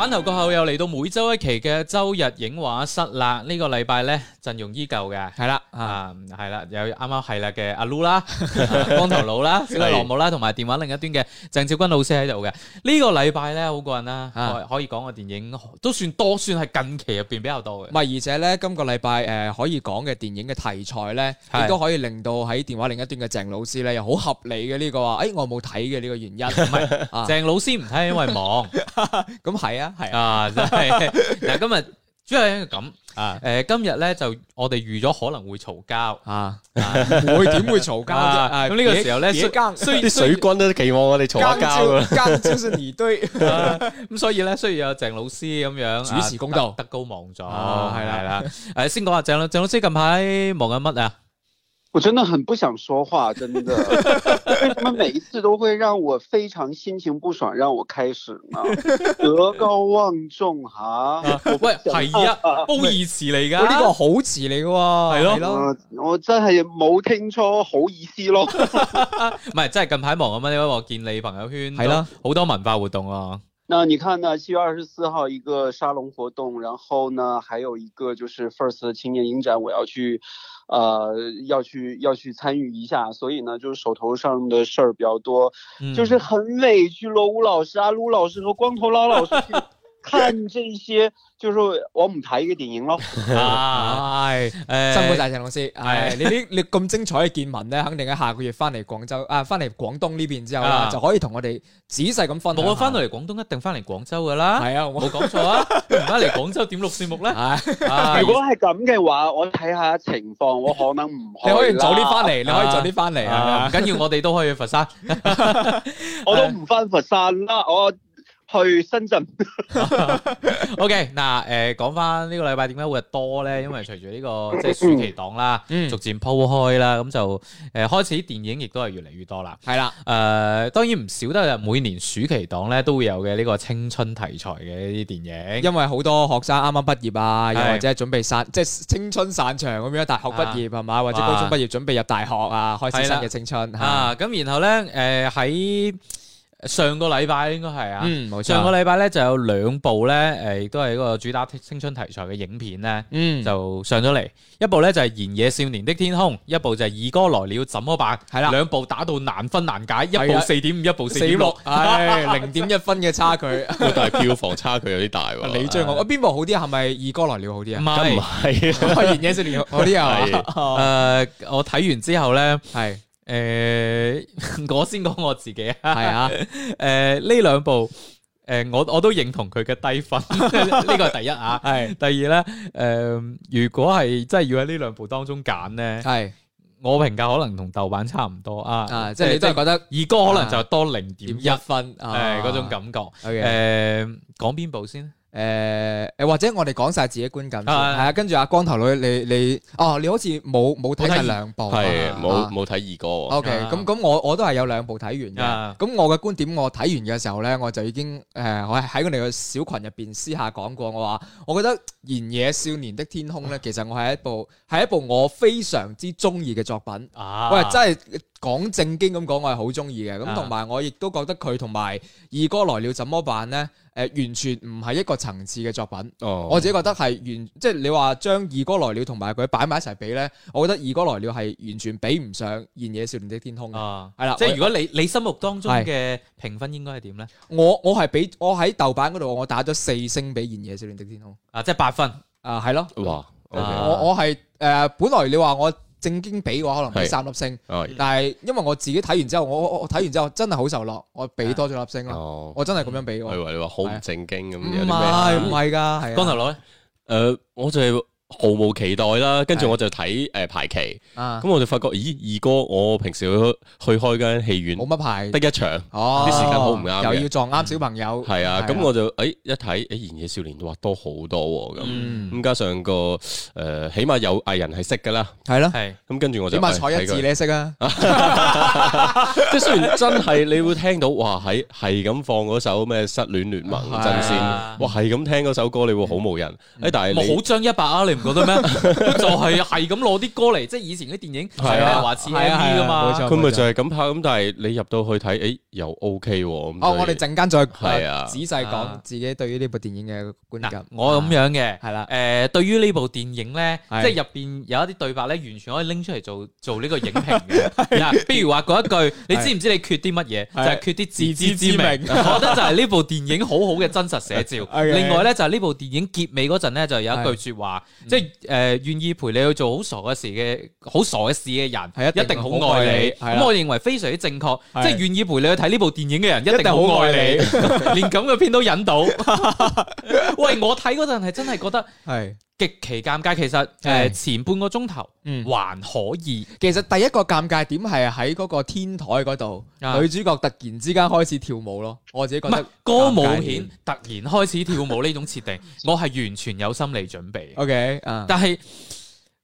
轉頭過後又嚟到每周一期嘅周日映畫室啦。呢個禮拜咧陣容依舊嘅，係啦，啊係啦，有啱啱係啦嘅阿 Loo 啦，光頭佬啦，小麗羅姆啦，同埋電話另一端嘅鄭少君老師喺度嘅。呢個禮拜咧好過癮啦，可以講嘅電影都算多，算係近期入邊比較多嘅。唔係，而且咧今個禮拜誒可以講嘅電影嘅題材咧，亦都可以令到喺電話另一端嘅鄭老師咧，又好合理嘅呢個啊。誒我冇睇嘅呢個原因，唔係，鄭老師唔睇因為忙，咁係啊。係啊，真係。但係今日主要因為咁啊，誒，今日咧就我哋預咗可能會嘈交啊，會點會嘈交啫？咁呢個時候咧，需需需水軍都期望我哋嘈交噶啦，焦心如堆。咁所以咧，需要有鄭老師咁樣主持公道，德高望重。係啦係啦，誒，先講下鄭老鄭老師近排忙緊乜啊？我真的很不想說話，真的。 為什麼每一次都會讓我非常心情不爽，讓我開始呢？德高望重哈、啊我，喂，是啊，褒義詞嚟㗎、啊、這呢個好詞嚟㗎係、啊、咯、啊，我真係冇聽錯，好意思咯。唔 係，真係近排忙啊嘛，因為我見你朋友圈，係啦，好多文化活動啊。 那你看呢？七月二十四號一個沙龍活動，然後呢，還有一個就是 First 的青年影展，我要去。呃，要去要去參與一下，所以呢，就是手頭上的事兒比較多，嗯、就是很委屈羅吳老師、啊、阿魯老師和光頭佬老，老師。 看這些，就是我唔睇嘅電影咯。係，誒，辛苦晒鄭老師。係，你啲你咁精彩嘅見聞咧，肯定喺下個月翻嚟廣州，啊，翻嚟廣東呢邊之後啊，就可以同我哋仔細咁分享。我翻到嚟廣東一定翻嚟廣州噶啦。係啊，我冇講錯啊。你唔翻嚟廣州點錄節目咧？如果係咁嘅話，我睇下情況，我可能唔可以早啲翻嚟，你可以早啲翻嚟啊，唔緊要，我哋都可以去佛山。我都唔翻佛山啦，我。去深圳、 okay，呃。O K，嗱，誒，講翻呢個禮拜點解會多咧？因為隨住呢個即係、就是、暑期檔啦，嗯、逐漸鋪開啦，咁就誒、呃、開始電影亦都係越嚟越多啦。係啦的，誒、呃，當然唔少都係每年暑期檔咧都會有嘅呢個青春題材嘅呢啲電影。因為好多學生啱啱畢業啊，又或者係準備散，即係的青春散場咁樣，大學畢業係嘛，或者高中畢業準備入大學啊，開始新嘅青春的啊。咁然後咧，誒、呃、喺。上個禮拜應該係啊，上個禮拜咧就有兩部咧，誒，都係嗰個主打青春題材嘅影片咧，就上咗嚟。一部咧就係《燃野少年的天空》，一部就係《二哥來了怎麼辦》。係啦，兩部打到難分難解，一部四點五，一部四點六，係零點一分嘅差距。但係票房差距有啲大喎。你追我，我邊部好啲？係咪《二哥來了》好啲啊？唔係，《係燃野少年好啲啊》。誒，我睇完之後咧，係。誒、呃，我先講我自己啊，係啊、呃，誒呢兩部，誒、呃、我我都認同佢嘅低分，呢 個係第一啊，係第二咧，誒、呃、如果係真係要喺呢兩部當中揀咧，係是我評價可能同豆瓣差唔多啊，即係你真係覺得二、呃、哥可能就多零點一分誒嗰種感覺，誒講邊部先？誒誒、呃，或者我哋講晒自己觀感，係吧啊，跟住阿光頭女，你你哦、啊，你好似冇冇睇晒兩部，係冇冇睇二哥。O K，咁咁我我都係有兩部睇完嘅，咁、啊、我嘅觀點，我睇完嘅時候咧，我就已經誒，我喺佢哋嘅小群入邊私下講過，我話我覺得《燃野少年的天空》咧，啊、其實我係一部係一部我非常之中意嘅作品啊，喂，真係。講正經咁講，啊、我係好鍾意嘅。咁同埋我亦都覺得佢同埋《二哥來了怎麼辦》呢，誒、呃，完全唔係一個層次嘅作品。哦、我自己覺得係完，即、就、係、是、你話將《二哥來了》同埋佢擺埋一齊比呢，我覺得《二哥來了》係完全比唔上《燃野少年的天空》。啊，係啦，即係如果你你心目當中嘅評分應該係點呢？我我係俾我喺豆瓣嗰度，我打咗四星俾《燃野少年的天空》。啊，即係八分。啊，係咯。哇，okay、我我係誒、呃，本來你話我。正經俾嘅話，可能俾三粒星。的但係因為我自己睇完之後，我我睇完之後真係好受落，我俾多咗粒星咯的、嗯。我真係咁樣俾。係喎，你話好唔正經咁，唔係唔係㗎，係。光頭佬咧的、呃，我就係。毫無期待啦，跟住我就睇，誒排期，咁我就發覺，咦，二哥，我平時去去開間戲院，冇乜排得一場，啲時間好唔啱，又要撞啱小朋友，係啊，咁我就誒一睇誒燃野少年，都話多好多咁，咁加上個誒起碼有藝人係識噶啦，係咯，係，咁跟住我就，起碼坐一字你識啊，即係雖然真係你會聽到，哇係係咁放嗰首咩失戀聯盟真先，哇係咁聽嗰首歌你會好冇人，誒但係你好將一百啊你，覺得咩？就係係咁攞啲歌嚟，即係以前啲電影係啊，話似 MV 噶嘛。佢咪就係咁拍咁，但係你入到去睇，誒又 OK。哦，我哋陣間再仔細講自己對於呢部電影嘅觀我咁樣嘅係啦，誒，對於呢部電影咧，即係入邊有一啲對白咧，完全可以拎出嚟做做呢個影評嘅。嗱，比如話一句，你知唔知你缺啲乜嘢？就係缺啲自知之明。我覺得就係呢部電影好好嘅真實寫照。另外咧，就係呢部電影結尾嗰陣咧，就有一句說話。即係誒，呃，願意陪你去做好傻嘅事嘅，好傻嘅事嘅人係一定好愛你。咁我認為非常之正確，的即係願意陪你去睇呢部電影嘅人一定好愛你。愛你 連咁嘅片都忍到， 喂！我睇嗰陣係真係覺得係。極其尷尬，其實誒，前半個鐘頭還可以。其實第一個尷尬點係喺嗰個天台嗰度，女主角突然之間開始跳舞咯。我自己覺得，歌舞片突然開始跳舞呢種設定，我係完全有心理準備。OK，但係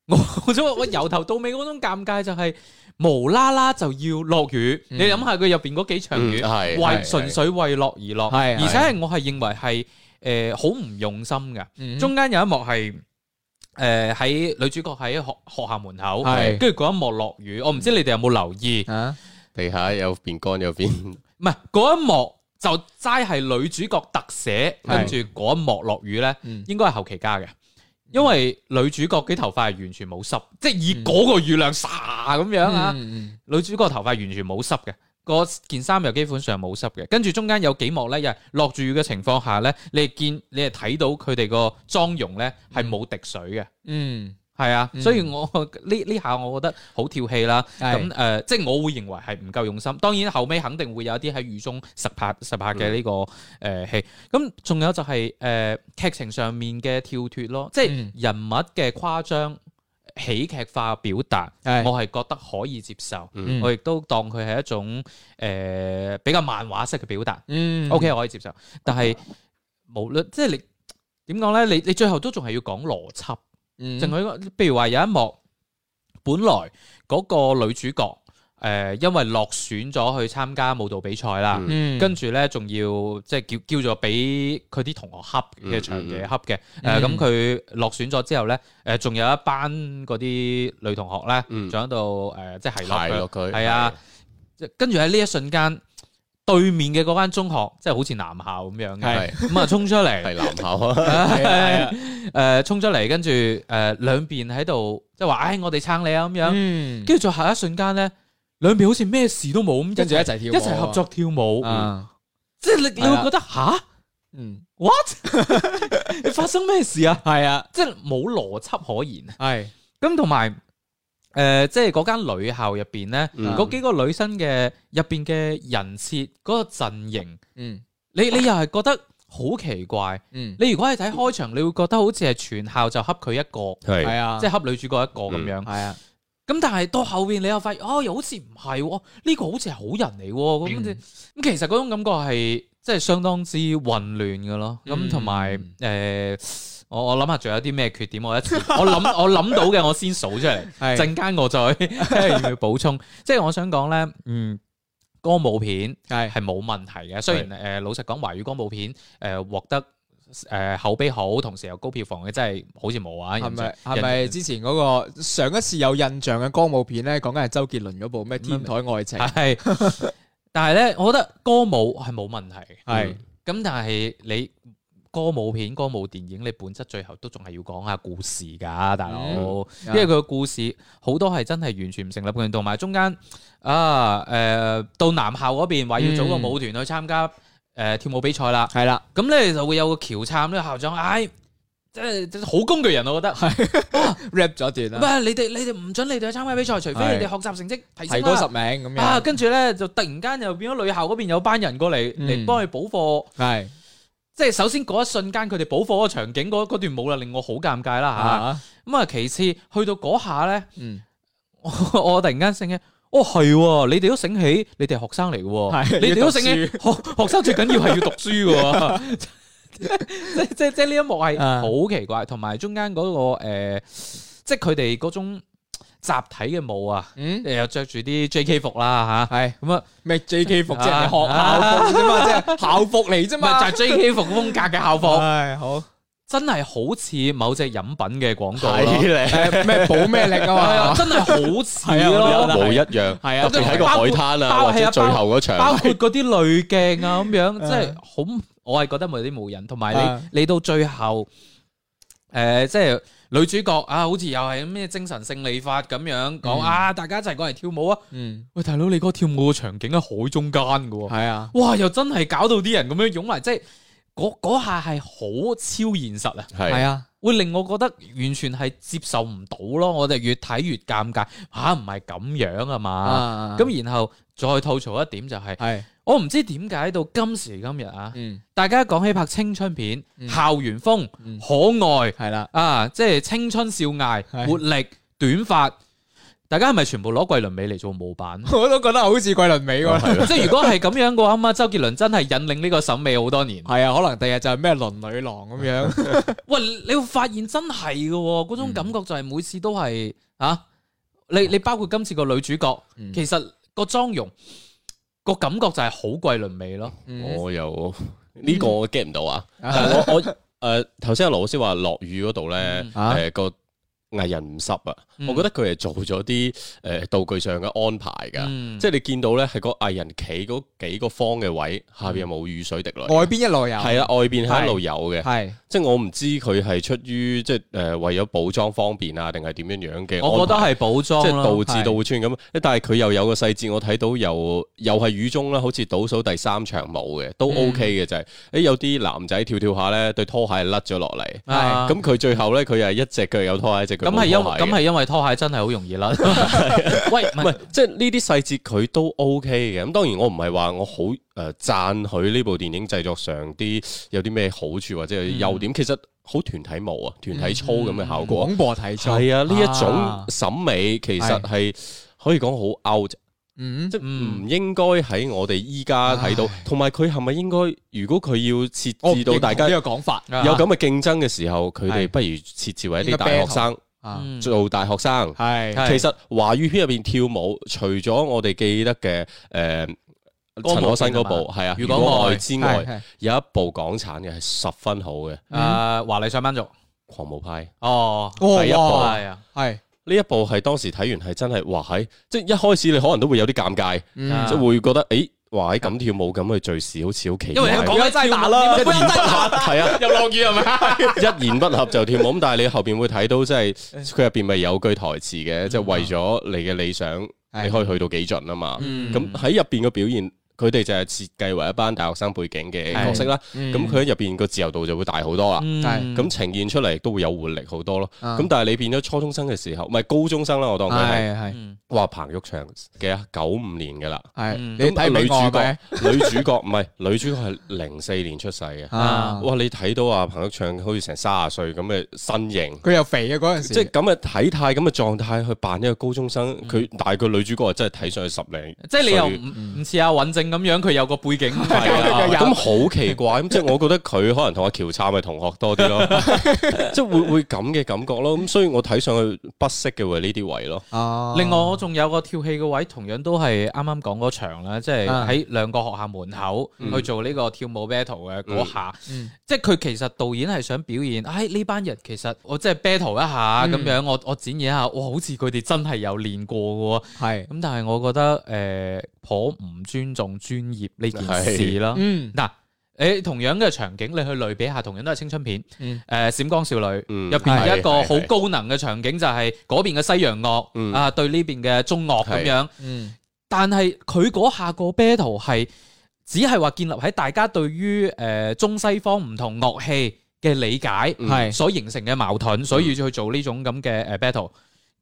我我由頭到尾嗰種尷尬就係無啦啦就要落雨。你諗下佢入邊嗰幾場雨，為純粹為落而落，而且係我係認為係。誒，好唔、呃、用心噶，嗯、哼中間有一幕係，誒、呃、喺女主角喺學學校門口，跟住嗰一幕落雨，嗯、我唔知你哋有冇留意啊？地下有邊乾有邊，唔係嗰一幕就齋係女主角特寫，跟住嗰一幕落雨咧，嗯、應該係後期加嘅，因為女主角啲頭髮係完全冇濕，嗯、即係以嗰個雨量，沙咁樣啊，嗯嗯、女主角頭髮完全冇濕嘅。個件衫又基本上冇濕嘅，跟住中間有幾幕咧，又落住雨嘅情況下咧，你係見你係睇到佢哋個妝容咧係冇滴水嘅。嗯，係啊，所以我呢呢下我覺得好跳戲啦。咁誒的、呃，即係我會認為係唔夠用心。當然後尾肯定會有一啲喺雨中實拍實拍嘅呢、這個誒戲。咁仲的、呃、有就係、是、誒、呃、劇情上面嘅跳脫咯，即係人物嘅誇張。嗯喜劇化表達，是我係覺得可以接受，嗯、我亦都當佢係一種誒、呃、比較漫畫式嘅表達。嗯、OK 我可以接受，但係 Okay. 無論即係你點講呢，你你最後都仲係要講邏輯。另外一個，譬如話有一幕，本來嗰個女主角。誒，因為落選咗去參加舞蹈比賽啦，跟住咧仲要即係叫叫咗俾佢啲同學恰嘅場嘅恰嘅，誒咁佢落選咗之後咧，誒仲有一班嗰啲女同學咧，仲喺度誒即係落佢，係啊，跟住喺呢一瞬間，對面嘅嗰間中學即係好似男校咁樣嘅，咁啊衝出嚟係男校誒衝出嚟，跟住誒兩邊喺度即係話，誒我哋撐你啊咁樣，跟住再下一瞬間咧。兩邊好似咩事都冇咁，跟住一齊跳，一齊合作跳舞。即係你你會覺得吓，What？你發生咩事啊？係啊，即係冇邏輯可言。係咁同埋，誒，即係嗰間女校入邊咧，嗰幾個女生嘅入邊嘅人設嗰個陣營，嗯，你你又係覺得好奇怪，嗯。你如果係睇開場，你會覺得好似係全校就恰佢一個，係啊，即係恰女主角一個咁樣，係啊。咁但係到後邊你又發現哦，又好似唔係喎，呢、這個好似係好人嚟喎，咁咁、嗯、其實嗰種感覺係即係相當之混亂嘅咯，咁同埋誒，我我諗下仲有啲咩缺點，我一 我諗我諗到嘅我先數出嚟，陣間是我再去補是 充，即係我想講咧，嗯，歌舞片係係冇問題嘅，是雖然誒、呃、老實講華語歌舞片誒獲得。誒，口碑、呃、好，同時又高票房嘅，真係好似冇啊！係咪係咪之前嗰個上一次有印象嘅歌舞片咧？講緊係周杰倫嗰部咩《天台愛情》嗯？係， 但係咧，我覺得歌舞係冇問題，係咁是。但係你歌舞片、歌舞電影，你本質最後都仲係要講下故事㗎、啊，大佬。嗯、因為佢嘅故事好多係真係完全唔成立嘅，同埋中間啊，誒、呃，到南校嗰邊話要組個舞團去參加。嗯誒，跳舞比賽啦，係啦，咁咧就會有個喬杉呢個校長，唉，即係好工具人，我覺得係，rap 咗段啊，喂，你哋，你哋唔准你哋去參加比賽，除非你哋學習成績提高十名咁樣啊，跟住咧就突然間又變咗女校嗰邊有班人過嚟嚟幫佢補課，係，即係首先嗰一瞬間佢哋補課嘅場景，嗰段舞啦令我好尷尬啦吓，咁啊其次去到嗰下咧，我我突然間醒起。哦係，你哋都醒起，你哋係學生嚟嘅，你哋都醒起學學生最緊要係要讀書嘅，即即即呢一幕係好奇怪，同埋中間嗰個誒，即佢哋嗰種集體嘅舞啊，又着住啲 JK 服啦，吓係咁啊，咩 JK 服即係學校服啫嘛，即係校服嚟啫嘛，就係 JK 服風格嘅校服，係好。真係好似某隻飲品嘅廣告咯，咩補咩力啊，真係好似咯，一模一樣。係啊，即係喺個海灘啊，或者最後嗰場，包括嗰啲濾鏡啊，咁樣即係好，我係覺得冇啲無人。同埋你，你到最後，誒，即係女主角啊，好似又係咩精神勝利法咁樣講啊，大家一齊過嚟跳舞啊。嗯，喂，大佬，你嗰個跳舞嘅場景喺海中間噶，係啊，哇，又真係搞到啲人咁樣湧埋，即係。嗰下係好超現實啊！係啊，會令我覺得完全係接受唔到咯！我哋越睇越尷尬嚇，唔係咁樣啊嘛！咁、啊、然後再吐槽一點就係、係，啊、我唔知點解到今時今日啊，嗯、大家講起拍青春片、嗯、校園風、嗯、可愛係啦啊，即係、啊就係、青春少艾、活力、啊、短髮。大家係咪全部攞桂綸美嚟做模板？我都覺得好似桂綸美喎，即係如果係咁樣嘅話，咁啊，周杰倫真係引領呢個審美好多年。係啊，可能第日就係咩倫女郎咁樣。 喂，你會發現真係嘅，嗰種感覺就係每次都係、嗯、啊，你你包括今次個女主角，其實個妝容個感覺就係好桂綸美咯。我有呢、這個 get 唔到啊！我我誒，頭先阿羅老師話落雨嗰度咧，誒個。藝人唔濕啊，嗯、我覺得佢係做咗啲誒道具上嘅安排噶。嗯、即係你見到咧係個藝人企嗰幾個方嘅位下邊有冇雨水滴落？外邊一路有係啊，外邊係一路有嘅，係的即係我唔知佢係出於即係誒為咗補妝方便啊，定係點樣樣嘅？我覺得係補妝，即係倒置倒穿咁。的但係佢又有個細節，我睇到又又係雨中啦，好似倒數第三場舞嘅，都 OK 嘅、嗯、就係、是、誒有啲男仔跳一跳下咧對拖鞋甩咗落嚟。咁佢最後咧佢又係一隻腳有拖鞋，一隻腳。咁係因咁係因為拖鞋真係好容易啦， 喂不是、OK，唔係即係呢啲細節佢都 O K 嘅。咁當然我唔係話我好誒讚佢呢部電影製作上啲有啲咩好處或者有啲優點。其實好團體舞啊，團體操咁嘅效果， 廣播啊，啊，體操係啊，呢一種審美其實係可以講好 out，即係唔應該喺我哋依家睇到。同埋佢係咪應該？如果佢要設置到大家呢個講法，有咁嘅競爭嘅時候，佢哋不如設置為一啲大學生。做大學生係，其實華語片入邊跳舞，除咗我哋記得嘅誒陳可辛嗰部係啊，如果愛之外，有一部港產嘅係十分好嘅。誒，華麗上班族，狂舞派哦，第一部係啊，係呢一部係當時睇完係真係哇，喺即係一開始你可能都會有啲尷尬，就會覺得誒。話咁跳舞咁去敘事，好似好奇怪。因為講緊真打啦，一言不合，係啊，又落雨係咪？一言不合就跳舞。咁但係你後邊會睇到，即係佢入邊咪有句台詞嘅，即係、嗯、為咗你嘅理想，的你可以去到幾盡啊嘛。咁喺入邊嘅表現。佢哋就係設計為一班大學生背景嘅角色啦，咁佢喺入邊個自由度就會大好多啊，咁呈現出嚟都會有活力好多咯。咁但係你變咗初中生嘅時候，唔係高中生啦，我當佢係。係哇，彭昱暢嘅，啊？九五年嘅啦。你睇女主角，女主角唔係女主角係零四年出世嘅。哇，你睇到啊，彭昱暢好似成三十歲咁嘅身形，佢又肥啊嗰陣時。即係咁嘅體態，咁嘅狀態去扮一個高中生，佢但係個女主角係真係睇上去十零。即係你又唔似阿咁樣佢有個背景係咁好奇怪咁， 即係我覺得佢可能同阿喬杉嘅同學多啲咯， 即係會會咁嘅感覺咯。咁所以我睇上去不適嘅喎呢啲位咯。啊、另外我仲有個跳戲嘅位，同樣都係啱啱講嗰場啦，即係喺兩個學校門口去做呢個跳舞 battle 嘅嗰下，嗯嗯、即係佢其實導演係想表現，哎呢班人其實我即係 battle 一下咁、嗯、樣我，我我展現一下，好似佢哋真係有練過嘅喎。係咁是，但係我覺得誒頗唔尊重。.專業呢件事啦，嗯，嗱，誒，同樣嘅場景，你去類比下，同樣都係青春片，誒，閃光少女入邊一個好高能嘅場景就係嗰邊嘅西洋樂啊，對呢邊嘅中樂咁樣，嗯，但係佢嗰下個 battle 係只係話建立喺大家對於誒中西方唔同樂器嘅理解係所形成嘅矛盾，所以去做呢種咁嘅誒 battle，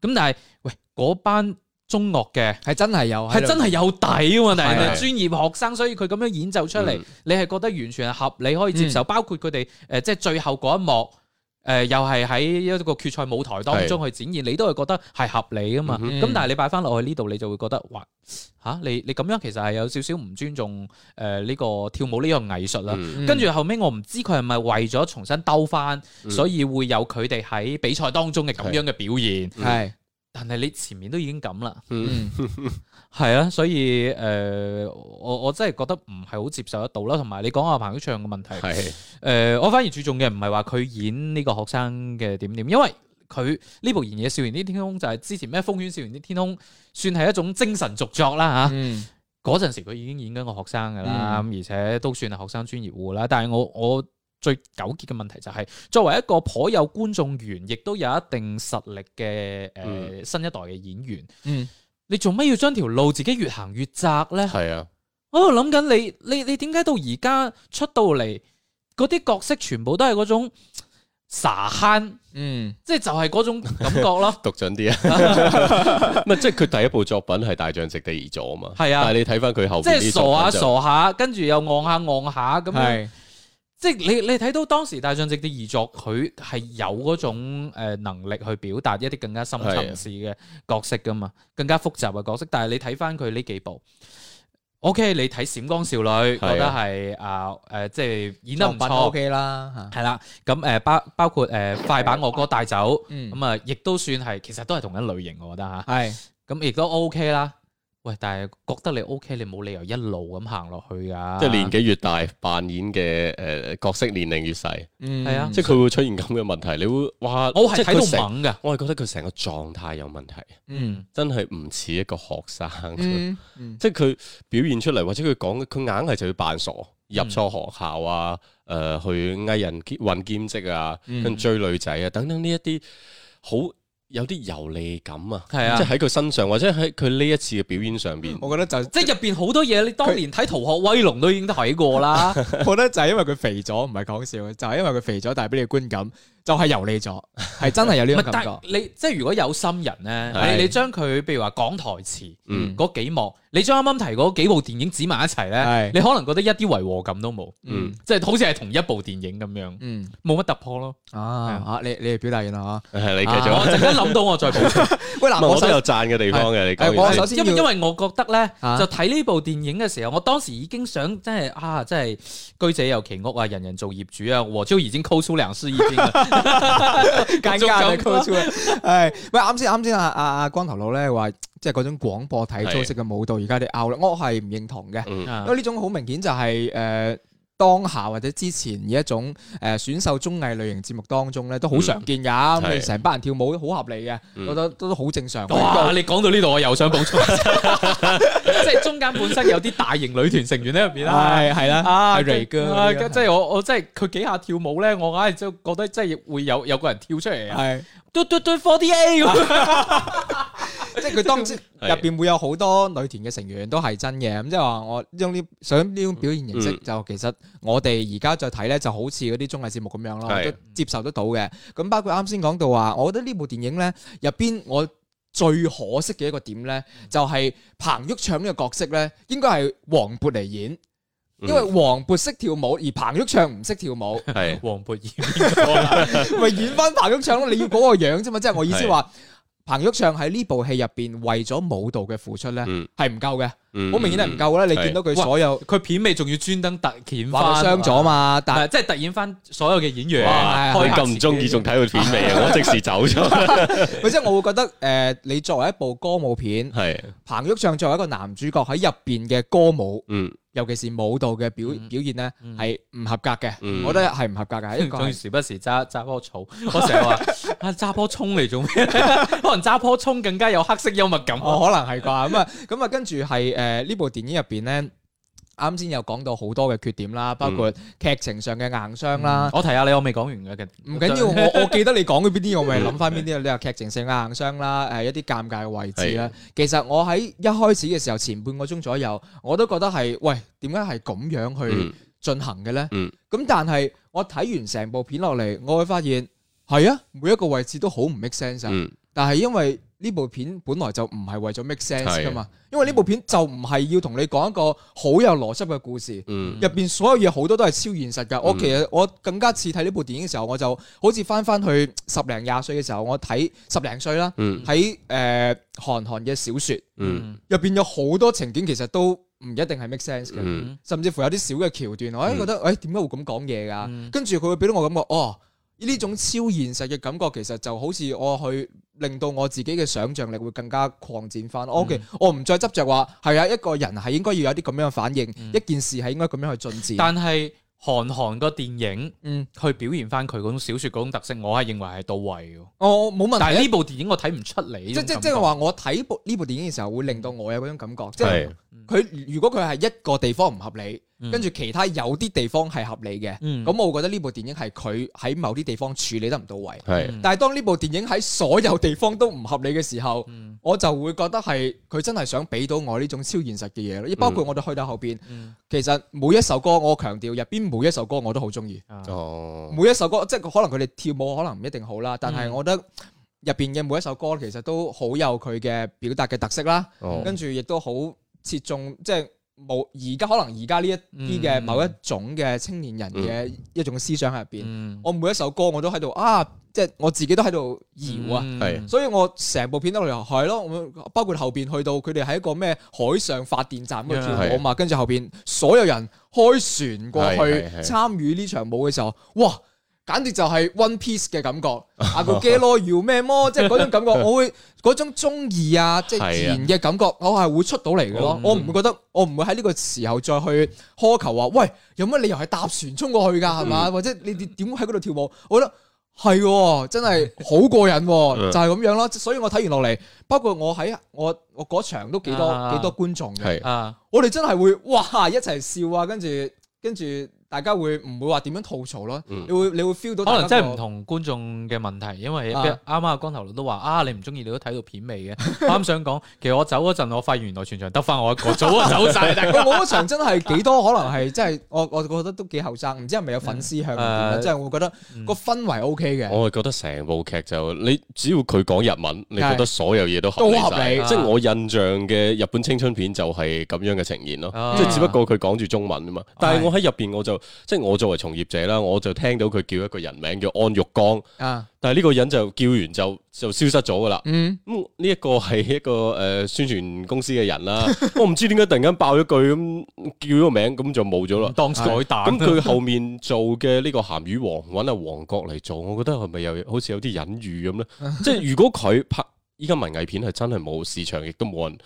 咁但係喂嗰班。.中樂嘅係真係有，係真係有底啊嘛，嚟嘅專業學生，所以佢咁樣演奏出嚟，你係覺得完全係合理可以接受。包括佢哋誒，即係最後嗰一幕，誒又係喺一個決賽舞台當中去展現，你都係覺得係合理啊嘛。咁但係你擺翻落去呢度，你就會覺得哇吓你，你咁樣其實係有少少唔尊重誒呢個跳舞呢個藝術啦。跟住後尾我唔知佢係咪為咗重新兜翻，所以會有佢哋喺比賽當中嘅咁樣嘅表現係。但係你前面都已經咁啦，係啊，所以誒、呃，我我真係覺得唔係好接受得到啦。同埋你講下彭昱暢嘅問題，誒的、呃，我反而注重嘅唔係話佢演呢個學生嘅點點，因為佢呢部《燃野少年啲天空》就係、是、之前咩《風犬少年的天空》算係一種精神續作啦吓。嗰陣、嗯、時佢已經演緊個學生噶啦，嗯、而且都算係學生專業戶啦。但係我我。我我最糾結嘅問題就係作為一個頗有觀眾緣，亦都有一定實力嘅誒新一代嘅演員，你做咩要將條路自己越行越窄咧？係啊！我喺度諗緊你，你你點解到而家出到嚟嗰啲角色全部都係嗰種傻憨？嗯，即係就係嗰種感覺咯。讀準啲啊！唔係即係佢第一部作品係《大象席地而坐》啊嘛。係啊，但係你睇翻佢後邊即係傻下傻下，跟住又憨下憨下咁樣。即係你你睇到當時《大象席地而坐》，佢係有嗰種能力去表達一啲更加深層次嘅角色噶嘛，的更加複雜嘅角色。但係你睇翻佢呢幾部，OK，你睇《閃光少女》的覺得係啊誒，即係演得唔錯 OK 啦，係啦。咁誒包包括誒、呃、快把我哥帶走，咁啊亦都算係其實都係同一類型，我覺得吓，係咁的，亦、嗯、都 OK 啦。喂，但係覺得你 O、OK, K，你冇理由一路咁行落去噶，啊。即係年紀越大，扮演嘅誒、呃、角色年齡越細，係啊、嗯，即係佢會出現咁嘅問題，你會話！嗯、我係睇到懵噶，我係覺得佢成個狀態有問題，嗯，真係唔似一個學生，即係佢表現出嚟，或者佢講，佢硬係就要扮傻，入錯學校啊，誒、嗯呃，去藝人兼搵兼職啊，跟住追女仔啊，等等呢一啲好。有啲油膩感啊，啊即係喺佢身上，或者喺佢呢一次嘅表演上邊，嗯、我覺得就係、即係入邊好多嘢，他你當年睇《逃學威龍》都已經睇過啦。 我覺得就係因為佢肥咗，唔係講笑，就係、係、因為佢肥咗，但係俾你觀感就係、係、油膩咗，係 真係有呢種感覺。你即係如果有心人咧是，你你將佢，譬如話講台詞，嗯，嗰幾幕。你將啱啱提嗰幾部電影指埋一齊咧，你可能覺得一啲違和感都冇，即係好似係同一部電影咁樣，冇乜突破咯。啊，你你表達完啦嚇？你繼續。我陣間諗到我再補充。喂，嗱，我都有讚嘅地方嘅。你我首先因因為我覺得咧，就睇呢部電影嘅時候，我當時已經想，即係啊，即係居者有其屋啊，人人做業主啊，我就已經溝出兩絲意見。間中就溝出。係，喂，啱先啱先啊啊啊！光頭佬咧話。即係嗰種廣播體操式嘅舞蹈，而家你拗，我係唔認同嘅。因為呢種好明顯就係誒當下或者之前嘅一種誒選秀綜藝類型節目當中咧，都好常見㗎。咁你成班人跳舞都好合理嘅，覺得都都好正常。你講到呢度，我又想補充，即係中間本身有啲大型女團成員喺入邊啦，係啦阿瑞哥，即係我我即係佢幾下跳舞咧，我硬係就覺得即係會有有個人跳出嚟啊！對對 f o u r D A。佢當中入邊會有好多女團嘅成員都係真嘅，咁即係話我呢種呢想呢種表現形式就其實我哋而家再睇咧就好似嗰啲綜藝節目咁樣咯，都接受得到嘅。咁包括啱先講到話，我覺得呢部電影咧入邊我最可惜嘅一個點咧，就係彭昱暢呢個角色咧應該係黃渤嚟演，因為黃渤識跳舞而彭昱暢唔識跳舞，係黃渤演，咪演翻彭昱暢咯，你要嗰個樣啫嘛，即係我意思話。彭昱暢喺呢部戲入邊為咗舞蹈嘅付出咧，係唔夠嘅，好明顯係唔夠嘅！你見到佢所有佢片尾仲要專登突演翻傷咗嘛？但係即係突演翻所有嘅演員，佢咁唔中意仲睇佢片尾，我即時走咗。佢即係我會覺得誒，你作為一部歌舞片，係彭昱暢作為一個男主角喺入邊嘅歌舞，嗯。尤其是舞蹈嘅表表現咧，係唔、嗯、合格嘅，嗯、我覺得係唔合格嘅，因為、嗯、佢時不時揸揸棵草，我成日話啊揸棵葱嚟做咩？波 可能揸棵葱更加有黑色幽默感。哦， 可能係啩，咁啊咁啊，跟住係誒呢部電影入邊咧。啱先又講到好多嘅缺點啦，包括劇情上嘅硬傷啦、嗯嗯。我提下你，我未講完嘅，唔緊要。 我我記得你講嘅邊啲，我咪諗翻邊啲啊，你話 劇情性嘅硬傷啦，誒一啲尷尬嘅位置啦。的其實我喺一開始嘅時候，前半個鐘左右，我都覺得係，喂，點解係咁樣去進行嘅咧？咁、嗯嗯、但係我睇完成部片落嚟，我會發現係啊，每一個位置都好唔 make sense，但係因為。呢部片本來就唔係為咗 make sense 噶嘛，因為呢部片就唔係要同你講一個好有邏輯嘅故事，入邊所有嘢好多都係超現實噶。嗯、我其實我更加似睇呢部電影嘅時候，我就好似翻翻去十零廿歲嘅時候我、嗯，我睇十零歲啦，喺誒韓寒嘅小說，入邊有好多情景其實都唔一定係 make sense 嘅，嗯、甚至乎有啲小嘅橋段，嗯、我誒覺得誒點解會咁講嘢噶？跟住佢會俾到我感覺，哦。呢種超現實嘅感覺，其實就好似我去令到我自己嘅想象力會更加擴展翻。我、嗯、OK，我唔再執着話係啊，一個人係應該要有啲咁樣嘅反應，嗯、一件事係應該咁樣去進展。但係韓寒個電影，嗯，去表現翻佢嗰種小說嗰種特色，我係認為係到位嘅。我冇、哦、問題。但係呢部電影我睇唔出嚟，即即即係話我睇部呢部電影嘅時候，會令到我有嗰種感覺。即係佢如果佢係一個地方唔合理。嗯、跟住其他有啲地方係合理嘅，咁、嗯、我覺得呢部電影係佢喺某啲地方處理得唔到位。是的 但係當呢部電影喺所有地方都唔合理嘅時候，嗯、我就會覺得係佢真係想俾到我呢種超現實嘅嘢咯。亦、嗯、包括我哋去到後邊，嗯、其實每一首歌我強調入邊每一首歌我都好中意。哦，啊、每一首歌即係可能佢哋跳舞可能唔一定好啦，但係我覺得入邊嘅每一首歌其實都好有佢嘅表達嘅特色啦。嗯嗯、跟住亦都好切中即係。冇而家可能而家呢一啲嘅、嗯、某一種嘅青年人嘅一種思想入邊，嗯、我每一首歌我都喺度啊，即、就、係、是、我自己都喺度搖啊，嗯、所以我成部片都又係咯，包括後邊去到佢哋喺一個咩海上發電站嗰個地方跳舞嘛，跟住、嗯、後邊所有人開船過去參與呢場舞嘅時候，哇！簡直就係 One Piece 嘅感覺，阿古傑羅搖咩魔，即係嗰種感覺，我會嗰種中意啊，即係自然嘅感覺，我係會出到嚟嘅咯。是啊、我唔會覺得，我唔會喺呢個時候再去苛求話，喂，有乜理由係搭船衝過去噶，係嘛、嗯？或者你哋點喺嗰度跳舞？我覺得係、啊、真係好過癮、啊， 就係咁樣咯。所以我睇完落嚟，包括我喺我我嗰場都幾多、啊、幾多觀眾嘅，是啊、我哋真係會哇一齊笑啊，跟住跟住。跟大家會唔會話點樣吐槽咯？你會你會 feel 到可能真係唔同觀眾嘅問題，因為啱啱阿光頭佬都話啊，你唔中意你都睇到片尾嘅。啱想講，其實我走嗰陣，我發現原來全場得翻我一個，早都走曬。冇嗰場真係幾多，可能係真係我我覺得都幾後生，唔知係咪有粉絲向？即係我覺得個氛圍 O K 嘅。我係覺得成部劇就你只要佢講日文，你覺得所有嘢都都合理，即係我印象嘅日本青春片就係咁樣嘅呈現咯。即係只不過佢講住中文啊嘛，但係我喺入邊我就。即係我作為從業者啦，我就聽到佢叫一個人名叫安玉剛啊，但係呢個人就叫完就就消失咗噶啦。嗯，咁呢、嗯、一個係一個誒宣傳公司嘅人啦， 我唔知點解突然間爆咗句咁叫咗個名，咁就冇咗啦。當彩蛋咁，佢後面做嘅呢個鹹魚王揾阿黃國嚟做，我覺得係咪又好似有啲隱喻咁咧？ 即係如果佢拍依家文藝片係真係冇市場，亦都冇人。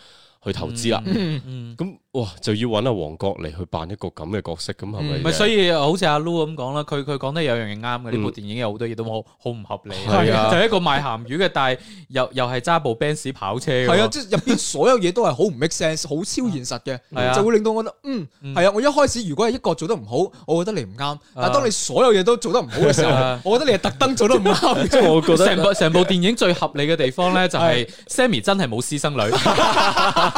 去投資啦，咁哇就要揾阿王國嚟去扮一個咁嘅角色咁係咪？唔係、嗯、所以好似阿 Lu 咁講啦，佢佢講得有樣嘢啱嘅，呢、嗯、部電影有好多嘢都好好唔合理，係啊，就係一個賣鹹魚嘅，但係又又係揸部 Benz 跑車，係啊，即係入邊所有嘢都係好唔 make sense，好超現實嘅，嗯啊、就會令到我覺得嗯係啊，我一開始如果係一個做得唔好，我覺得你唔啱，但係當你所有嘢都做得唔好嘅時候，嗯、我覺得你係特登做得唔啱。即係我覺得成部成部電影最合理嘅地方咧，就係 Sammy 真係冇私生女。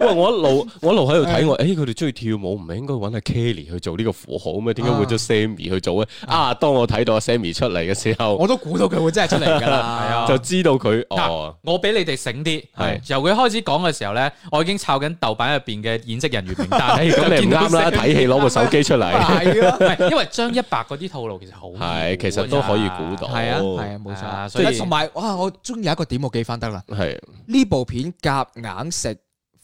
喂，我一路我一路喺度睇我，誒，佢哋中意跳舞，唔係應該揾阿 Kelly 去做呢個符號咩？點解換咗 Sammy 去做咧？啊，當我睇到阿 Sammy 出嚟嘅時候，我都估到佢會真係出嚟噶啦，係啊，就知道佢。我比你哋醒啲，係由佢開始講嘅時候咧，我已經抄緊豆瓣入邊嘅演職人員名單。咁你唔啱啦，睇戲攞部手機出嚟，係，唔係因為張一白嗰啲套路其實好，係其實都可以估到，係啊，係啊，冇錯。所以同埋哇，我中意有一個點，我記翻得啦，係呢部片夾硬食。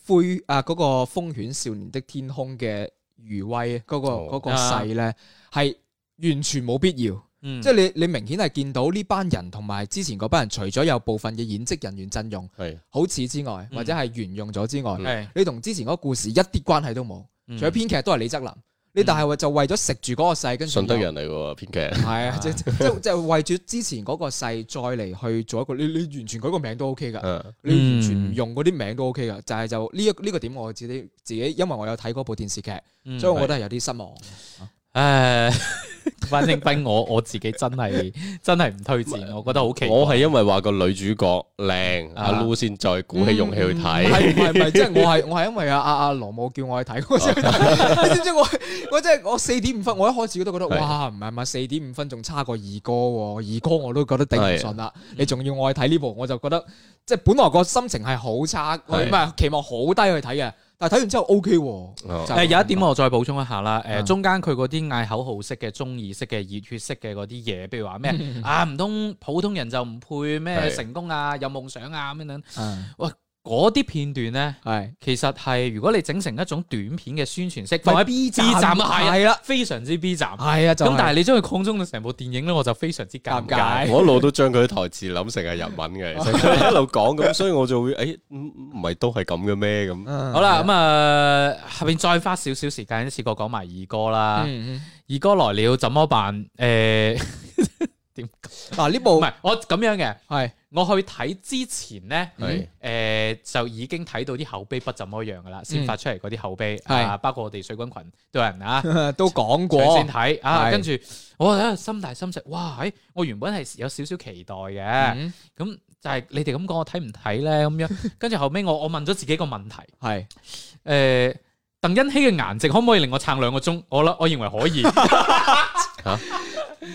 灰啊！嗰個《風犬少年的天空》嘅餘威，嗰個嗰個勢咧，係 Yeah. 完全冇必要。Mm. 即係你你明顯係見到呢班人同埋之前嗰班人，除咗有部分嘅演職人員陣容係是好似之外，mm. 或者係沿用咗之外，mm. 你同之前嗰個故事一啲關係都冇。Mm. 除咗編劇都係李則林。你但係就為咗食住嗰個勢，跟住順德人嚟㗎喎，編劇係啊，即即即係為住之前嗰個勢，再嚟去做一個，你你完全改個名都 O K 噶，嗯、你完全唔用嗰啲名都 O K 噶，就係、是、就呢一呢個點我自己自己，因為我有睇嗰部電視劇，嗯、所以我覺得係有啲失望。是 誒，反正逼我我自己真係真係唔推薦，是我覺得好奇怪。我係因為話個女主角靚、啊、阿 Lu 先，再鼓起勇氣去睇。係唔係唔係，即係 我係我係因為阿阿阿羅母叫我去睇。去 你知唔知我我真係我四點五分，我一開始都覺得是的 哇唔係唔係，四點五分仲差過二哥，二哥我都覺得頂唔順啦。是的 你仲要我去睇呢部，我就覺得即係、就是、本來個心情係好差，係期望好低去睇嘅。但睇完之後 OK 喎、啊嗯呃，有一點我再補充一下啦，誒、呃嗯、中間佢嗰啲嗌口號式嘅、中意式嘅、熱血式嘅嗰啲嘢，譬如話咩 啊唔通普通人就唔配咩成功啊、是有夢想啊咁樣樣，哇！嗯喂嗰啲片段咧，係是其實係如果你整成一種短片嘅宣傳式，放喺 B 站，B 站啊，係啦，非常之 B 站，係啊。咁、就是、但係你將佢擴充到成部電影咧，我就非常之尷尬，尬。我一路都將佢啲台詞諗成係日文嘅， 一路講咁，所以我就會誒，唔、哎、係都係咁嘅咩咁。啊、好啦，咁啊，嗯嗯嗯、下邊再花少少時間，試過講埋二哥啦。嗯、二哥來了怎麼辦？誒、呃。 點？嗱，呢部唔係我咁樣嘅，係我去睇之前咧，誒就已經睇到啲口碑不怎麼樣噶啦，先發出嚟，嗰啲口碑，係包括我哋水軍群都有人啊都講過先睇啊，跟住我啊心大心細，哇！我原本係有少少期待嘅，咁就係你哋咁講，我睇唔睇咧？咁樣，跟住後尾我我問咗自己個問題，係誒，鄧恩熙嘅顏值可唔可以令我撐兩個鐘？我諗我認為可以。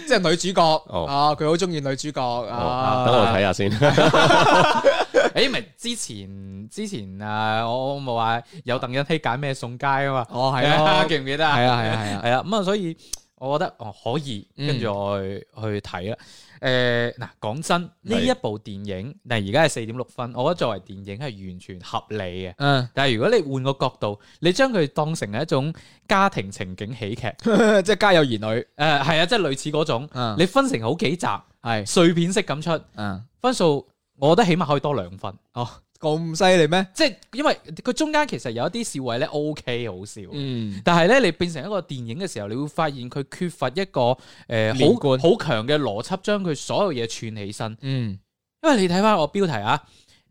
即係女主角啊，佢好中意女主角啊。等我睇下先。誒，咪之前之前啊，我冇話有鄧欣希揀咩宋佳啊嘛。哦，係啊，記唔記得啊？係啊，係係係啊。咁啊，所以我覺得哦可以，跟住我去去睇啦。誒嗱，講、呃、真呢是一部電影，嗱而家係四點六分，我覺得作為電影係完全合理嘅。嗯，但係如果你換個角度，你將佢當成係一種家庭情景喜劇，即係 家有兒女，誒係、呃、啊，即、就、係、是、類似嗰種。嗯、你分成好幾集，係是碎片式咁出。嗯，分數我覺得起碼可以多兩分哦。咁犀利咩？即係因為佢中間其實有一啲笑位咧，O K 好笑。嗯，但係咧你變成一個電影嘅時候，你會發現佢缺乏一個誒好好強嘅邏輯，將、呃、佢觀所有嘢串起身。嗯，因為你睇翻我標題啊，誒、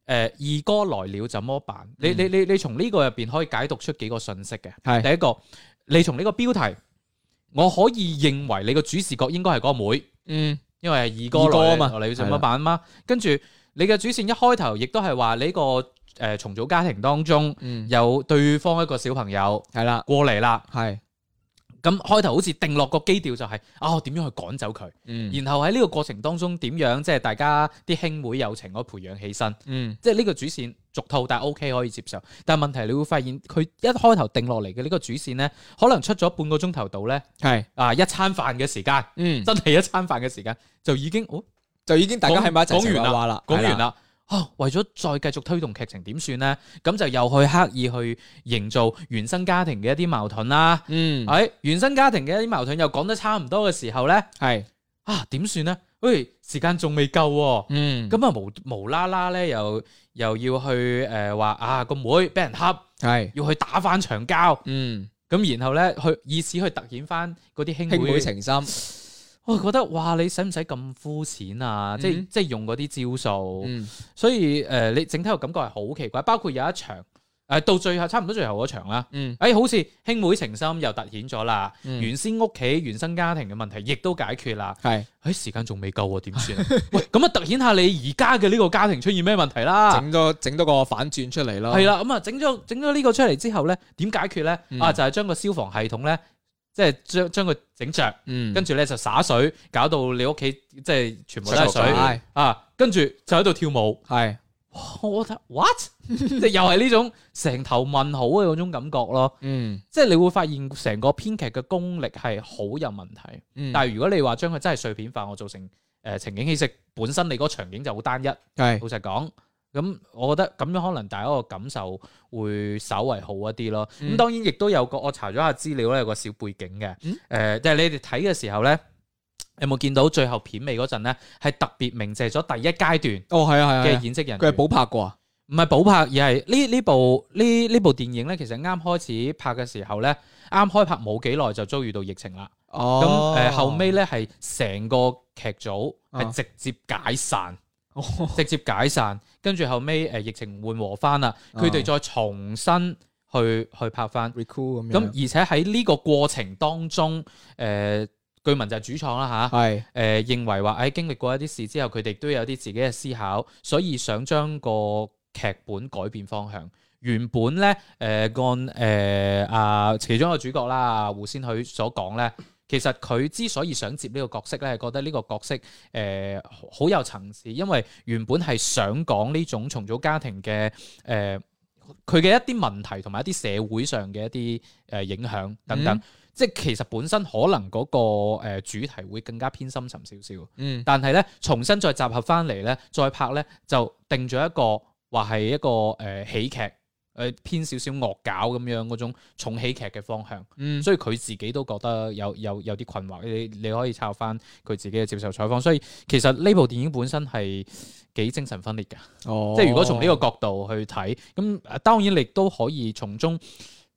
呃，二哥來了怎麼辦？嗯、你你你你從呢個入邊可以解讀出幾個信息嘅。係是第一個，你從呢個標題，我可以認為你個主視角應該係嗰個妹。嗯，因為係二哥來啊嘛，你要怎麼辦啊嘛？跟住。你嘅主線一開頭亦都係話你、這個誒、呃、重組家庭當中、嗯、有對方一個小朋友係啦的過嚟啦，係咁的開頭好似定落個基調就係、是、啊點樣去趕走佢，嗯、然後喺呢個過程當中點樣即係大家啲兄妹友情可以培養起身，嗯、即係呢個主線俗套，但係 OK 可以接受。但係問題你會發現佢一開頭定落嚟嘅呢個主線呢，可能出咗半個鐘頭到呢，係的啊一餐飯嘅時間，嗯、真係一餐飯嘅時間就已經，就已經哦。就已經大家喺咪一齊講完啦，話啦，講完啦，啊，為咗再繼續推動劇情呢，點算咧？咁就又去刻意去營造原生家庭嘅一啲矛盾啦。嗯、哎，係原生家庭嘅一啲矛盾又講得差唔多嘅時候咧，係是 啊，點算咧？喂、哎，時間仲未夠，嗯，咁啊無無啦啦咧，又又要去誒話、呃、啊個妹俾人恰，係是 要去打翻場交，嗯，咁、嗯、然後咧去以此去凸顯翻嗰啲兄妹情深。 我覺得哇！你使唔使咁膚淺啊？即係、嗯、即係用嗰啲招數，嗯、所以誒、呃，你整體個感覺係好奇怪。包括有一場誒、呃，到最後差唔多最後嗰場啦，誒、嗯欸、好似兄妹情深又突顯咗啦。嗯、原先屋企原生家庭嘅問題亦都解決啦。係、嗯，誒、欸、時間仲未夠喎、啊，點算、啊？ 喂，咁啊，突顯下你而家嘅呢個家庭出現咩問題啦？整咗整多個反轉出嚟啦。係、嗯、啦，咁啊，整咗整咗呢個出嚟之後咧，點解決咧？啊，就係、是、將個消防系統咧。即係將將佢整著跟住咧就灑水，搞到你屋企即係全部都係水、嗯、啊！跟住就喺度跳舞，係是 what？ 即係又係呢種成頭問號嘅嗰種感覺咯。嗯，即係你會發現成個編劇嘅功力係好有問題。嗯、但係如果你話將佢真係碎片化，我造成誒、呃、情景氣息，本身你嗰個場景就好單一。係老實講。咁我覺得咁樣可能大家個感受會稍為好一啲咯。咁當然亦都有個我查咗下資料咧，有個小背景嘅。誒、呃，即係你哋睇嘅時候咧，有冇見到最後片尾嗰陣咧，係特別鳴謝咗第一階段。哦，係啊，係啊。嘅演職人佢係補拍過啊，唔係補拍而係呢呢部呢呢部電影咧，其實啱開始拍嘅時候咧，啱開拍冇幾耐就遭遇到疫情啦。哦。咁誒、嗯、後尾咧係成個劇組係直接解散，哦、直接解散。哦。跟住後尾誒疫情緩和翻啦，佢哋再重新去去拍翻，咁、嗯、而且喺呢個過程當中，誒、呃、據聞就係主創啦嚇，誒、啊是呃、認為話喺、哎、經歷過一啲事之後，佢哋都有啲自己嘅思考，所以想將個劇本改變方向。原本咧誒按誒啊其中個主角啦，胡先煦所講咧。其實佢之所以想接呢個角色咧，係覺得呢個角色誒好、呃、有層次，因為原本係想講呢種重組家庭嘅誒，佢、呃、嘅一啲問題同埋一啲社會上嘅一啲誒影響等等，嗯、即係其實本身可能嗰個主題會更加偏深沉少少。嗯，但係咧重新再集合翻嚟咧，再拍咧就定咗一個話係一個誒、呃、喜劇。誒、呃，偏少少惡搞咁樣嗰種重喜劇嘅方向，嗯、所以佢自己都覺得有有有啲困惑。你你可以抄翻佢自己嘅接受採訪，所以其實呢部電影本身係幾精神分裂㗎，哦、即係如果從呢個角度去睇，咁當然你都可以從中。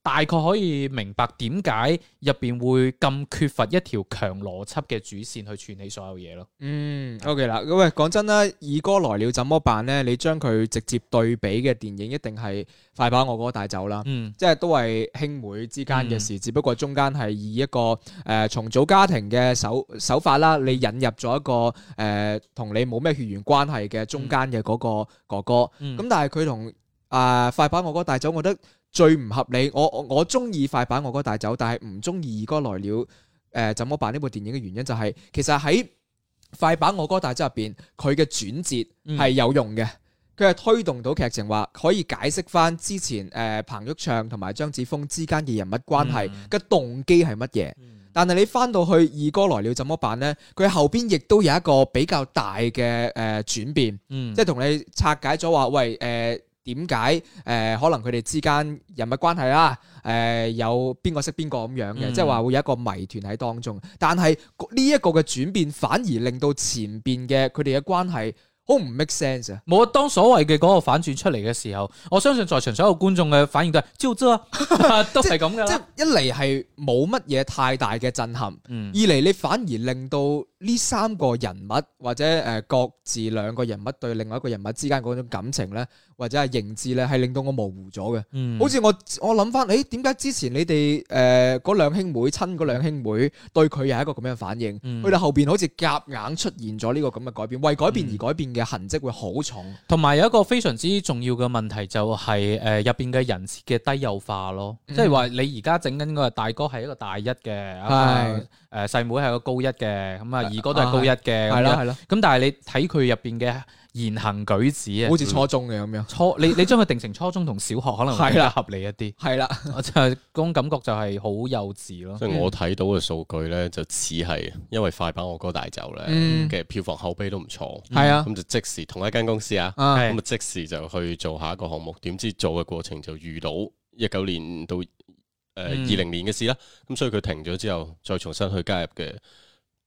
大概可以明白點解入邊會咁缺乏一條強邏輯嘅主線去串起所有嘢咯，嗯。嗯，OK 啦。咁喂，講真啦，二哥來了怎麼辦咧？你將佢直接對比嘅電影一定係哥哥、嗯嗯呃《快把我哥帶走》啦。嗯，即係都係兄妹之間嘅事，只不過中間係以一個誒重組家庭嘅手手法啦，你引入咗一個誒同你冇咩血緣關係嘅中間嘅嗰個哥哥。咁但係佢同啊《快把我哥帶走》，我覺得。最唔合理，我我中意快把我哥帶走，但係唔中意二哥來了。誒、呃就是呃，怎麼辦呢部電影嘅原因就係，其實喺快把我哥帶走入邊，佢嘅轉折係有用嘅，佢係推動到劇情話可以解釋翻之前誒彭昱暢同埋張子楓之間嘅人物關係嘅動機係乜嘢。但係你翻到去二哥來了怎麼辦呢？佢後邊亦都有一個比較大嘅誒轉變，嗯、即係同你拆解咗話，喂誒。呃點解誒可能佢哋之間人物關係啦、啊、誒、呃、有邊個識邊個咁樣嘅，即係話會有一個謎團喺當中。但係呢一個嘅轉變，反而令到前邊嘅佢哋嘅關係好唔 make sense 啊！冇啊，當所謂嘅嗰個反轉出嚟嘅時候，我相信在場所有觀眾嘅反應都係就咁啊， 說 都係咁嘅。」即係一嚟係冇乜嘢太大嘅震撼，嗯、二嚟你反而令到，呢三個人物或者誒各自兩個人物對另外一個人物之間嗰種感情咧，或者係認知咧，係令到我模糊咗嘅。嗯，好似我我諗翻，誒點解之前你哋誒嗰兩兄妹親嗰兩兄妹對佢又係一個咁樣反應，去到、嗯、後邊好似夾硬出現咗呢個咁嘅改變，為改變而改變嘅痕跡會好重。同埋、嗯嗯、有一個非常之重要嘅問題就係誒入邊嘅人設嘅低幼化咯，即係話你而家整緊嗰個大哥係一個大一嘅，係、嗯。是誒細妹係個高一嘅，咁啊二哥都係高一嘅，係啦係啦。咁但係你睇佢入邊嘅言行舉止啊，好似初中嘅咁樣。初你你將佢定成初中同小學可能係啦合理一啲。係啦，就係嗰種感覺就係好幼稚咯。即係我睇到嘅數據咧，就似係因為快把我哥帶走咧嘅票房口碑都唔錯。係啊，咁就即時同一間公司啊，咁啊即時就去做下一個項目，點知做嘅過程就遇到一九年到。誒二零年嘅事啦，咁所以佢停咗之後，再重新去加入嘅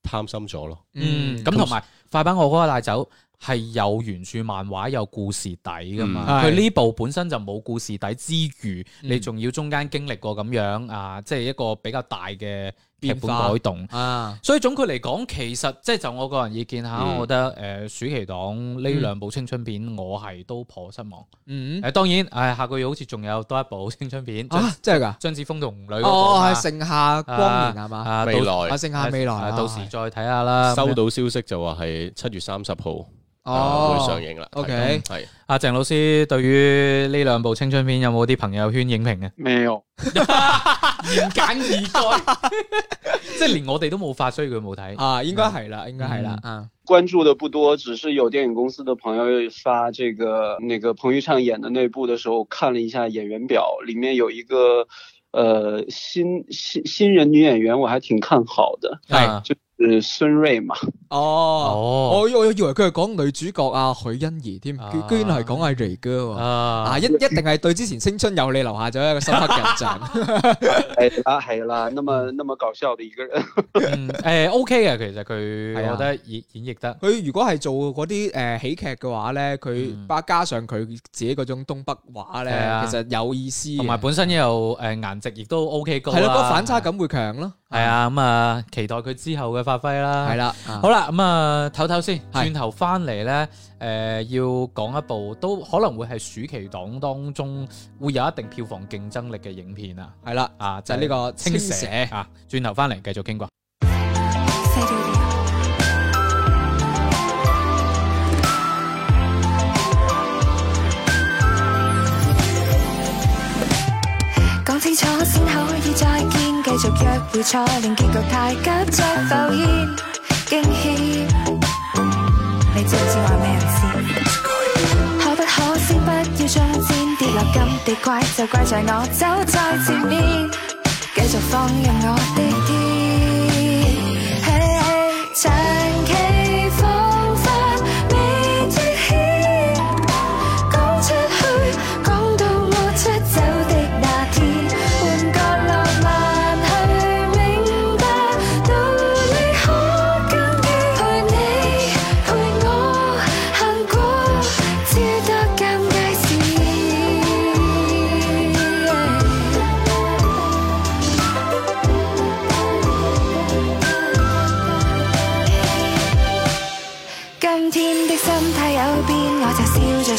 貪心咗咯。嗯，咁同埋《有不快把我哥帶走》係有原著漫畫有故事底噶嘛？佢呢、嗯、部本身就冇故事底之餘，嗯、你仲要中間經歷過咁樣啊，即、就、係、是、一個比較大嘅。劇本改動啊，所以總括嚟講，其實即係就我個人意見吓，我覺得誒，暑期檔呢兩部青春片我係都頗失望。嗯，誒，當然，誒，下個月好似仲有多一部青春片，即係噶？張子楓同女哦，係盛夏光年係嘛？未來啊，盛夏未來到時再睇下啦。收到消息就話係七月三十號會上映啦。OK，係。阿鄭老師對於呢兩部青春片有冇啲朋友圈影評嘅？沒有。言簡意賅 即係連我哋都冇發，所以佢冇睇啊。應該係啦，應該係啦啊。關注的不多，只是有電影公司的朋友發這個，那個彭昱暢演的那部的時候，我看了一下演員表，裏面有一個呃新新新人女演員，我還挺看好的，哎、嗯、就是孫瑞嘛？哦，我我我以為佢係講女主角阿許欣怡添，佢居然係講阿瑞哥，啊，一一定係對之前《青春有你》留下咗一個深刻印象。係啦係啦，那麼那麼搞笑的一個人。誒，OK 嘅，其實佢，我覺得演演繹得。佢如果係做嗰啲誒喜劇嘅話咧，佢加上佢自己嗰種東北話咧，其實有意思，同埋本身又誒顏值亦都 OK 高。係咯，個反差感會強咯。係啊，咁啊，期待佢之後嘅。發揮啦，係啦，嗯、好啦，咁、嗯、啊，唞唞先，轉頭翻嚟咧，誒、呃，要講一部都可能會係暑期檔當中會有一定票房競爭力嘅影片啊，係啦了，啊，就係、是、呢個青蛇，蛇啊，轉頭翻嚟繼續傾啩。繼續約會初戀，結局太急，着浮現驚險。你知唔知我係咩人先？ 可不可先不要中箭，跌落金地怪，就怪在我走在前面，繼續放任我的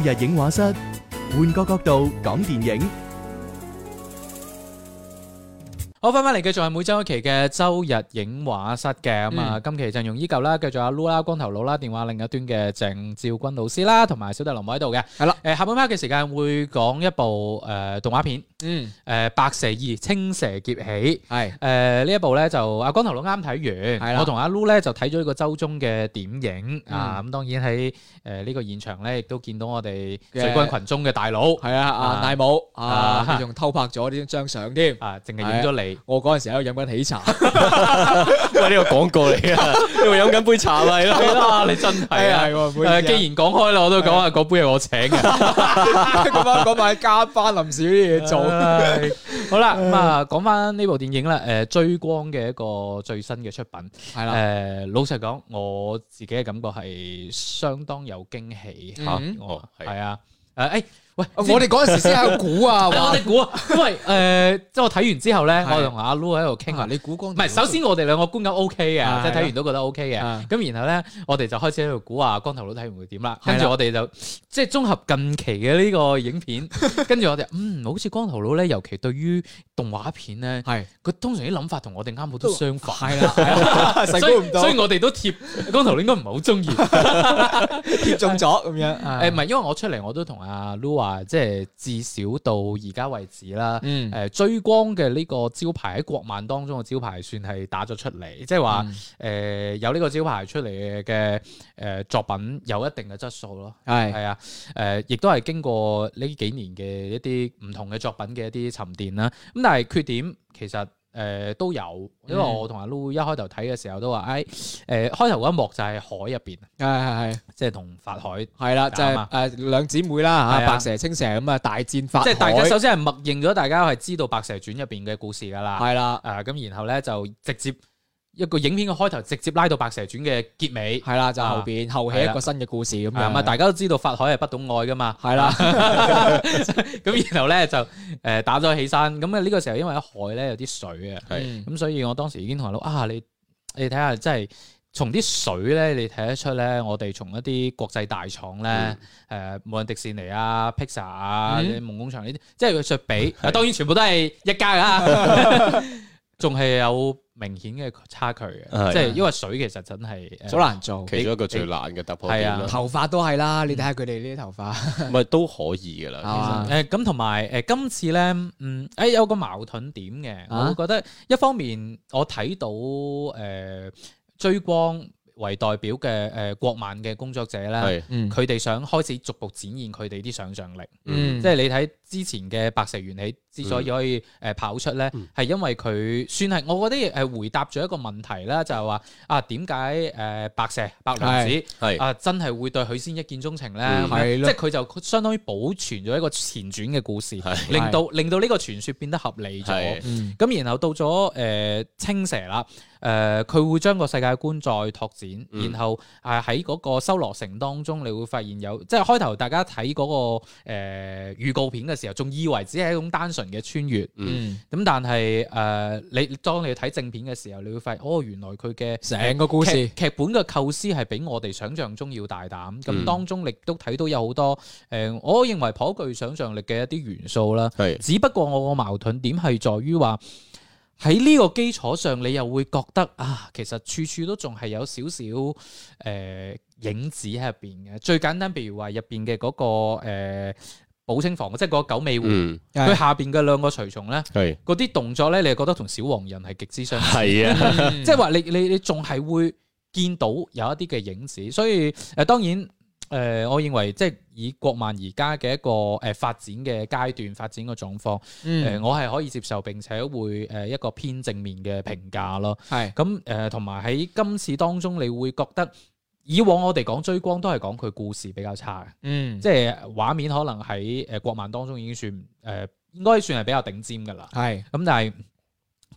周日映畫室，換個角度講電影。好，翻翻嚟，繼續係每周一期嘅周日影畫室嘅，咁啊，今期陣容依舊啦，繼續阿 Lulu 啦、光頭佬啦，電話另一端嘅鄭照君老師啦，同埋小弟劉武喺度嘅，係啦，誒，下半 part 嘅時間會講一部誒動畫片，嗯，誒《白蛇二：青蛇劫起》，係，誒呢一部咧就阿光頭佬啱睇完，係啦，我同阿 Lulu 咧就睇咗呢個周中嘅點影，啊，咁當然喺誒呢個現場咧，亦都見到我哋聚軍群中嘅大佬，係啊，阿大武，啊，仲偷拍咗呢張相添，啊，淨係影咗你。我嗰陣時喺度飲緊喜茶，呢個廣告嚟啊！你飲緊杯茶咪咯，你真係係、啊，啊、既然講開啦，我都講下嗰杯係我請嘅。嗰晚嗰晚加班臨時啲嘢做，好啦咁啊，講翻呢部電影啦，誒，追光嘅一個最新嘅出品係啦，誒，老實講我自己嘅感覺係相當有驚喜吓、嗯，哦係啊，誒誒。喂，我哋嗰陣時先喺度估啊，我哋估啊，因為誒，即係我睇完之後咧，我同阿 Lu 喺度傾啊。你估光頭佬，唔係首先我哋兩個觀感 O K 嘅，即係睇完都覺得 O K 嘅。咁然後咧，我哋就開始喺度估話，光頭佬睇完會點啦。跟住我哋就即係綜合近期嘅呢個影片，跟住我哋嗯，好似光頭佬咧，尤其對於動畫片咧，係佢通常啲諗法同我哋啱好都相反啦。所以所以我哋都貼光頭佬應該唔係好中意，貼中咗咁樣。誒唔係因為我出嚟我都同阿 Lu 啊。啊，即係至少到而家為止啦。誒、嗯呃，追光嘅呢個招牌喺國漫當中嘅招牌，算係打咗出嚟，即係話誒有呢個招牌出嚟嘅誒作品有一定嘅質素咯。係係是、嗯、啊，誒、呃、亦都係經過呢幾年嘅一啲唔同嘅作品嘅一啲沉澱啦。咁但係缺點其實。誒、呃、都有，因為我同阿 Loo 一開頭睇嘅時候都話，誒、哎呃、開頭嗰一幕就係海入邊，係係係，即係同法海，係啦，就係誒兩姊妹啦嚇，啊、白蛇青蛇咁啊，大戰法，即係大家首先係默認咗大家係知道白蛇傳入邊嘅故事噶啦，係啦、哎呀，誒咁、啊、然後咧就直接。一個影片嘅開頭直接拉到《白蛇傳》嘅結尾，係啦，就後邊後起一個新嘅故事咁樣啊！大家都知道法海係不懂愛噶嘛，係啦。咁然後咧就誒打咗起山，咁啊呢個時候因為喺海咧有啲水啊，係咁所以我當時已經同阿老啊你你睇下，真係從啲水咧你睇得出咧，我哋從一啲國際大廠咧，誒無論迪士尼啊、Pixar 啊、夢工場呢，啲，即係對比，當然全部都係一家噶，仲係有。明顯嘅差距嘅，啊、即係因為水其實真係好難做，你其中一個最難嘅突破。係啊，頭髮都係啦，你睇下佢哋呢啲頭髮，唔係、嗯、都可以嘅啦。誒咁同埋誒今次咧，嗯，誒、哎、有個矛盾點嘅，我覺得一方面我睇到誒、呃、追光為代表嘅誒、呃、國漫嘅工作者咧，佢哋、嗯嗯、想開始逐步展現佢哋啲想像力，嗯、即係你睇。之前嘅白蛇緣起之所以可以誒跑出咧，係、嗯、因為佢算係我覺得誒回答咗一個問題咧，就係、是、話啊點解誒白蛇白娘子係的啊真係會對許仙一見鍾情咧？係咯的，的即係佢就相當於保存咗一個前傳嘅故事，的令到令到呢個傳說變得合理咗。咁的、嗯、然後到咗誒、呃、青蛇啦，誒、呃、佢會將個世界觀再拓展，嗯、然後誒喺嗰個修羅城當中，你會發現有即係開頭大家睇嗰個誒預告片嘅。時候仲以為只係一種單純嘅穿越，咁、嗯、但係誒、呃，你當你睇正片嘅時候，你會發現哦，原來佢嘅成個故事劇本嘅構思係比我哋想象中要大膽。咁、嗯、當中你都睇到有好多誒、呃，我認為頗具想象力嘅一啲元素啦。係是，只不過我個矛盾點係在於話喺呢個基礎上，你又會覺得啊，其實處處都仲係有少少誒影子喺入邊嘅。最簡單，比如話入邊嘅嗰個誒。呃呃寶青坊即係個九尾狐，佢、嗯、下邊嘅兩個隨從咧，嗰啲是動作咧，你係覺得同小黃人係極之相似，係是啊、 嗯，即係話你你你仲係會見到有一啲嘅影子，所以誒、呃、當然誒、呃，我認為即係以國漫而家嘅一個誒發展嘅階段，發展嘅狀況，誒、嗯呃、我係可以接受並且會誒一個偏正面嘅評價咯。係咁誒，同埋喺今次當中你會覺得。以往我哋講追光都係講佢故事比較差嘅，嗯，即係畫面可能喺誒國漫當中已經算誒、呃、應該算係比較頂尖噶啦，係咁是、嗯、但係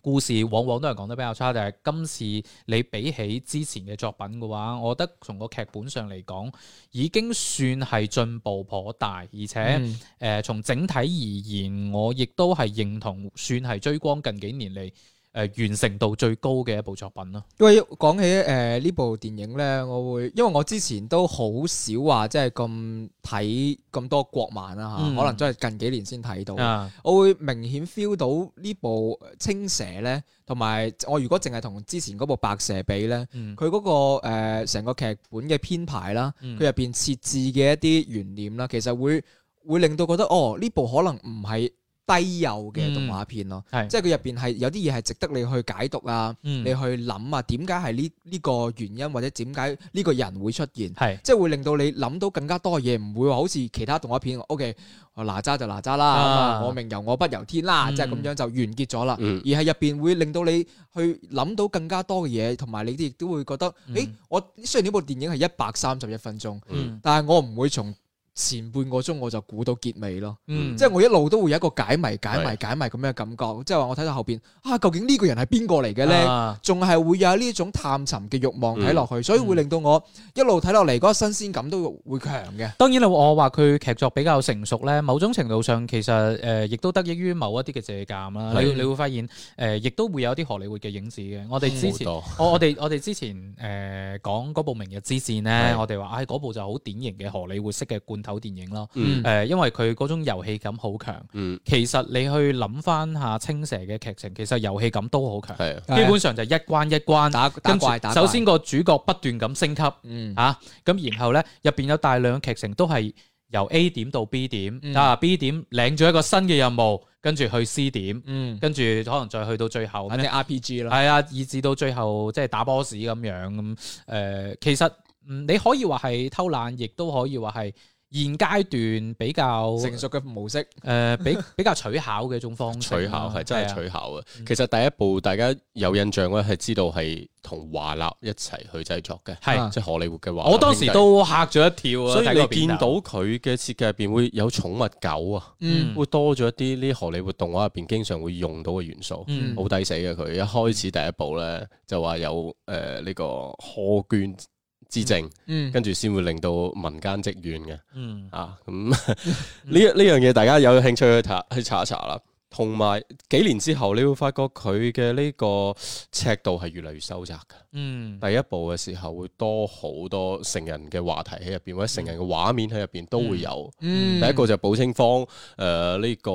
故事往往都係講得比較差，但、就、係、是、今次你比起之前嘅作品嘅話，我覺得從個劇本上嚟講已經算係進步頗大，而且誒從、嗯呃、整體而言，我亦都係認同算係追光近幾年嚟。誒、呃，完成度最高嘅一部作品。因為，講起誒呢部電影咧，我會因為我之前都好少話，即係咁睇咁多國漫啦吓，嗯、可能真係近幾年先睇到。嗯、我會明顯 feel 到呢部青蛇咧，同埋我如果淨係同之前嗰部白蛇比咧，佢嗰、嗯嗰個誒成、呃、個劇本嘅編排啦，佢入邊設置嘅一啲懸念啦，其實會會令到覺得哦，呢部可能唔係低幼嘅動畫片咯，嗯、即係佢入邊係有啲嘢係值得你去解讀、嗯、去啊，你去諗啊，點解係呢呢個原因或者點解呢個人會出現，嗯、即係會令到你諗到更加多嘢，唔會話好似其他動畫片、嗯、，OK，哪吒就哪吒啦、啊啊，我命由我不由天啦，即係咁樣就完結咗啦、嗯，而係入邊會令到你去諗到更加多嘅嘢，同埋你哋亦都會覺得，誒、嗯欸，我雖然呢部電影係一百三十一分鐘，但係我唔會從，前半個鐘我就估到結尾咯，嗯、即係我一路都會有一個解謎、解謎、的解謎咁嘅感覺，即係話我睇到後邊啊，究竟呢個人係邊個嚟嘅咧？仲係、啊、會有呢種探尋嘅慾望睇落去，嗯、所以會令到我一路睇落嚟嗰個新鮮感都會強嘅。嗯嗯、當然啦，我話佢劇作比較成熟咧，某種程度上其實誒亦、呃、都得益於某一啲嘅借鑑啦的。你會發現誒亦、呃、都會有啲荷里活嘅影子嘅。我哋之前，多我哋我哋之前誒、呃、講嗰部《明日之戰》咧，的我哋話嗰部就好典型嘅荷里活式嘅冠電影咯，誒，嗯、因為佢嗰種遊戲感好強。嗯、其實你去諗翻下青蛇嘅劇情，其實遊戲感都好強。是的 基本上就一關一關，打打跟住首先個主角不斷咁升級，嗯、啊，咁然後呢，入邊有大量嘅劇情都係由 A 點到 B 點，嗯、啊 B 點領咗一個新嘅任務，跟住去 C 點，嗯、跟住可能再去到最後，反正 RPG 咯，係啊，以至到最後即係打 boss 咁樣咁，誒、嗯，其實你可以話係偷懶，亦都可以話係，現階段比較成熟嘅模式，誒、呃，比比較取巧嘅一種方式、啊， 取巧係真係取巧啊！其實第一部，大家有印象咧，係知道係同華納一齊去製作嘅，係、啊、即係荷里活嘅華納，我當時都嚇咗一跳啊！所以你見到佢嘅設計入邊會有寵物狗啊，嗯、會多咗一啲呢荷里活動畫入邊經常會用到嘅元素，好抵死嘅佢。嗯、一開始第一部咧就話有誒呢、呃這個柯眷。治政，跟住先會令到民間積怨嘅，嗯、啊，咁呢呢樣嘢大家有興趣去查去查一查啦。同埋幾年之後，你會發覺佢嘅呢個尺度係越嚟越收窄嘅。嗯，第一部嘅時候會多好多成人嘅話題喺入邊，嗯、或者成人嘅畫面喺入邊都會有。嗯，嗯第一個就係寶青坊，誒、呃、呢、這個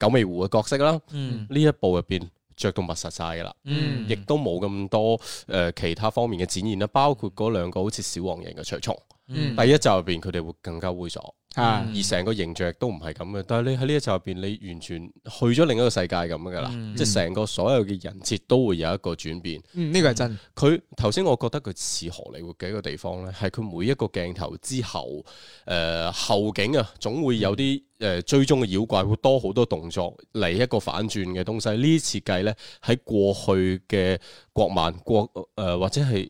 九尾狐嘅角色啦。嗯，呢一部入邊。嗯着到密實晒噶啦，亦都冇咁多誒、呃、其他方面嘅展現啦，包括嗰兩個好似小黃人嘅隨從。嗯、第一集入邊佢哋會更加猥瑣，啊、嗯！而成個形象都唔係咁嘅，但係你喺呢一集入邊，你完全去咗另一個世界咁噶啦，嗯、即係成個所有嘅人設都會有一個轉變。呢、嗯這個係真。佢頭先我覺得佢似荷里活嘅一個地方咧，係佢每一個鏡頭之後，誒、呃、後景啊，總會有啲誒、呃、追蹤嘅妖怪會多好多動作嚟一個反轉嘅東西。設計呢啲設計咧喺過去嘅國漫、國誒、呃、或者係。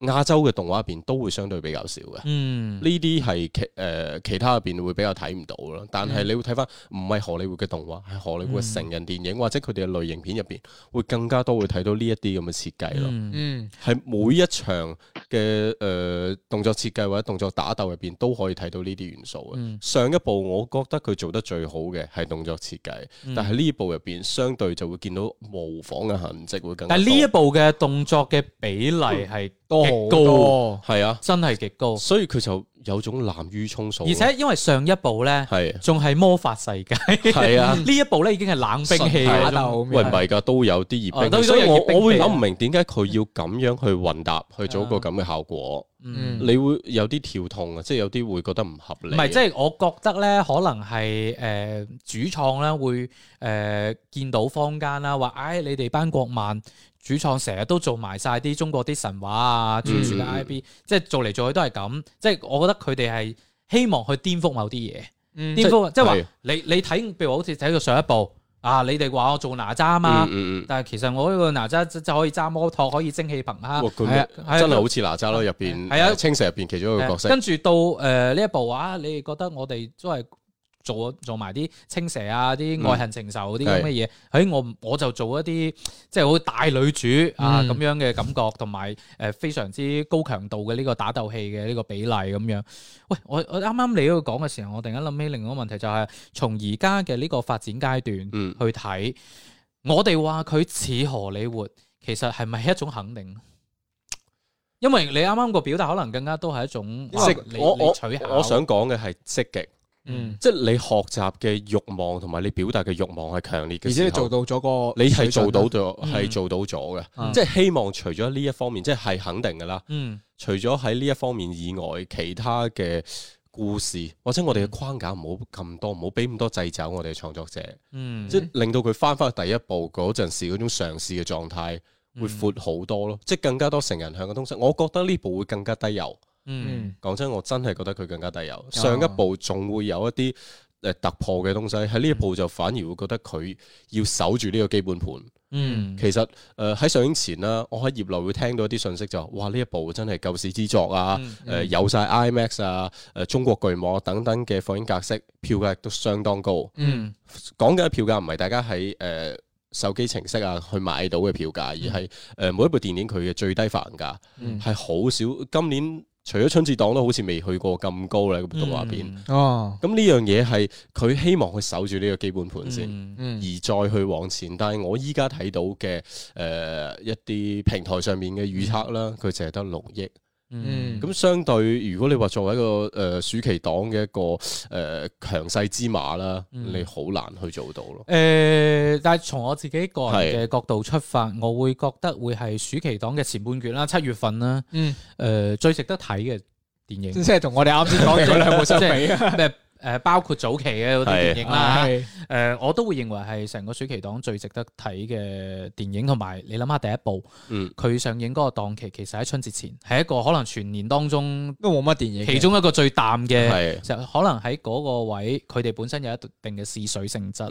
亞洲嘅動畫入邊都會相對比較少嘅，呢啲係其誒、呃、其他入邊會比較睇唔到咯。但係你會睇翻唔係荷里活嘅動畫，係荷里活嘅成人電影，嗯、或者佢哋嘅類型片入邊，會更加多會睇到呢一啲咁嘅設計咯。嗯，係每一場嘅誒、呃、動作設計或者動作打鬥入邊都可以睇到呢啲元素嘅。嗯、上一部我覺得佢做得最好嘅係動作設計，嗯、但係呢部入邊相對就會見到模仿嘅痕跡會更加多。但係呢一部嘅動作嘅比例係多。極高係啊，真係極高，所以佢就有種濫竽充數。而且因為上一部咧，係仲係魔法世界，係啊，呢一部咧已經係冷兵器啦，喂，唔係噶，都有啲熱兵。所以我我會諗唔明點解佢要咁樣去混搭，去做一個咁嘅效果。嗯，你會有啲跳痛啊，即係有啲會覺得唔合理。唔係，即係我覺得咧，可能係誒、呃、主創咧會誒、呃、見到坊間啦，話唉、哎，你哋班國漫主創成日都做埋晒啲中國啲神話啊、傳説嘅 I B，即係做嚟做去都係咁。即係我覺得佢哋係希望去顛覆某啲嘢，嗯、顛覆即係話你你睇，譬如好似睇到上一部。啊！你哋話我做哪吒嘛？嗯嗯、但係其實我呢個哪吒就可以揸摩托，可以蒸汽朋克，真係好似哪吒咯入邊，係啊，啊青蛇入邊其中一個角色。啊、跟住到誒呢、呃、一部話、啊，你哋覺得我哋都係。做做埋啲青蛇啊，啲愛恨情仇啲咁嘅嘢。喺我我就做一啲即係好大女主啊咁樣嘅感覺，同埋誒非常之高強度嘅呢個打鬥戲嘅呢個比例咁樣。喂，我我啱啱你喺度講嘅時候，我突然間諗起另一個問題，就是，就係從而家嘅呢個發展階段去睇，嗯、我哋話佢似荷里活，其實係咪一種肯定？因為你啱啱個表達可能更加都係一種，你識你我你取我我想講嘅係積極。嗯，即係你學習嘅欲望同埋你表達嘅欲望係強烈嘅，而且你做到咗個，你係做到咗，係、嗯、做到咗嘅。嗯、即係希望除咗呢一方面，即係肯定噶啦。嗯，除咗喺呢一方面以外，其他嘅故事或者我哋嘅框架唔好咁多，唔好俾咁多掣肘我哋嘅創作者。嗯、即係令到佢翻翻去第一步嗰陣時嗰種嘗試嘅狀態會闊好多咯，嗯、即係更加多成人向嘅東西。我覺得呢部會更加低油。嗯，講真，我真係覺得佢更加低油。有、啊、上一部仲會有一啲誒、呃、突破嘅東西，喺呢一部就反而會覺得佢要守住呢個基本盤。嗯，其實誒喺、呃、上映前啦，我喺業內會聽到一啲信息就話、是，哇呢一部真係救市之作啊，誒、嗯嗯呃、有晒 IMAX 啊，誒、呃、中國巨幕等等嘅放映格式，票價亦都相當高。嗯，講緊嘅票價唔係大家喺誒、呃、手機程式啊去買到嘅票價，而係誒、呃、每一部電影佢嘅最低發行價，係好、嗯、少今年。除咗春節檔都好似未去過咁高咧，個動畫片哦。咁呢樣嘢係佢希望佢守住呢個基本盤先，嗯嗯、而再去往前。但係我依家睇到嘅誒、呃、一啲平台上面嘅預測啦，佢淨係得六億。 嗯，咁相對，如果你話作為一個誒、呃、暑期檔嘅一個誒、呃、強勢之馬啦，嗯、你好難去做到咯。誒，但係從我自己個人嘅角度出發，是我會覺得會係暑期檔嘅前半段啦，七月份啦，嗯，誒、呃、最值得睇嘅電影，即係同我哋啱先講嘅兩部相比啊。 是 誒、呃、包括早期嘅嗰啲電影啦，誒是、啊呃、我都會認為係成個暑期檔最值得睇嘅電影，同埋你諗下第一部，佢、嗯、上映嗰個檔期其實喺春節前，係一個可能全年當中都冇乜電影，其中一個最淡嘅，就可能喺嗰個位，佢哋本身有一定嘅試水性質。咁誒、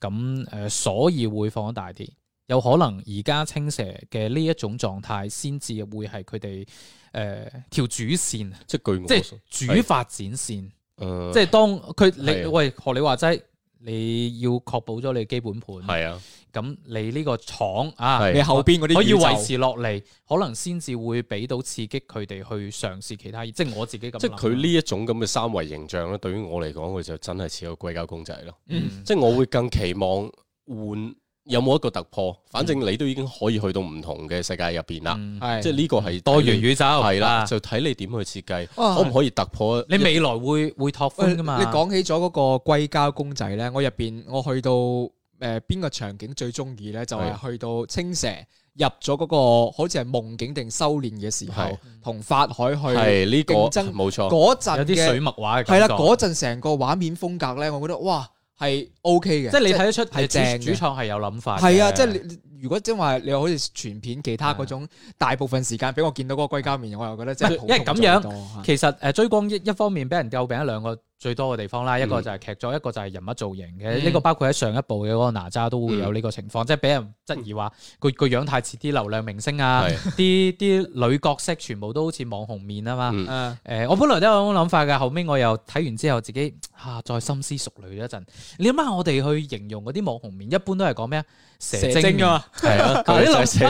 嗯呃，所以會放大啲，有可能而家青蛇嘅呢一種狀態，先至會係佢哋誒條主線，即係即係主發展線。誒，嗯、即係當佢你的喂學你話齋，你要確保咗你基本盤係的啊，咁你呢個廠啊，你後邊嗰啲可以維持落嚟，可能先至會俾到刺激佢哋去嘗試其他嘢。即係我自己咁。即係佢呢一種咁嘅三維形象咧，對於我嚟講，佢就真係似個鬼膠公仔咯。嗯、即係我會更期望換。有冇一個突破？反正你都已經可以去到唔同嘅世界入邊啦，係、嗯、即係呢個係多元宇宙，係啦，了啊、就睇你點去設計，啊、可唔可以突破？你未來會會拓闊噶嘛？你講起咗嗰個硅膠公仔咧，我入邊我去到誒邊、呃、個場景最中意咧，就係、是、去到青蛇入咗嗰、那個，好似係夢境定修煉嘅時候，同是法海去係呢個競爭，冇錯嗰陣啲水墨畫係啦，嗰陣成個畫面風格咧，我覺得哇！嘩係 O K 嘅，即係你睇得出係正主創係有諗法。係啊，即係你如果即係話你好似全片其他嗰種的大部分時間俾我見到嗰個硅膠面，我又覺得即係，因為咁樣其實誒、呃、追光一一方面俾人詬病一兩個。最多嘅地方啦，一個就係劇作，一個就係人物造型嘅。呢個、嗯、包括喺上一部嘅嗰個哪吒都會有呢個情況，嗯、即係俾人質疑話佢個樣太似啲流量明星啊，啲啲的女角色全部都好似網紅面啊嘛。誒、嗯呃，我本來都有種諗法嘅，後尾我又睇完之後自己嚇、啊，再深思熟慮咗一陣。你諗下，我哋去形容嗰啲網紅面，一般都係講咩啊？蛇精，蛇精啊，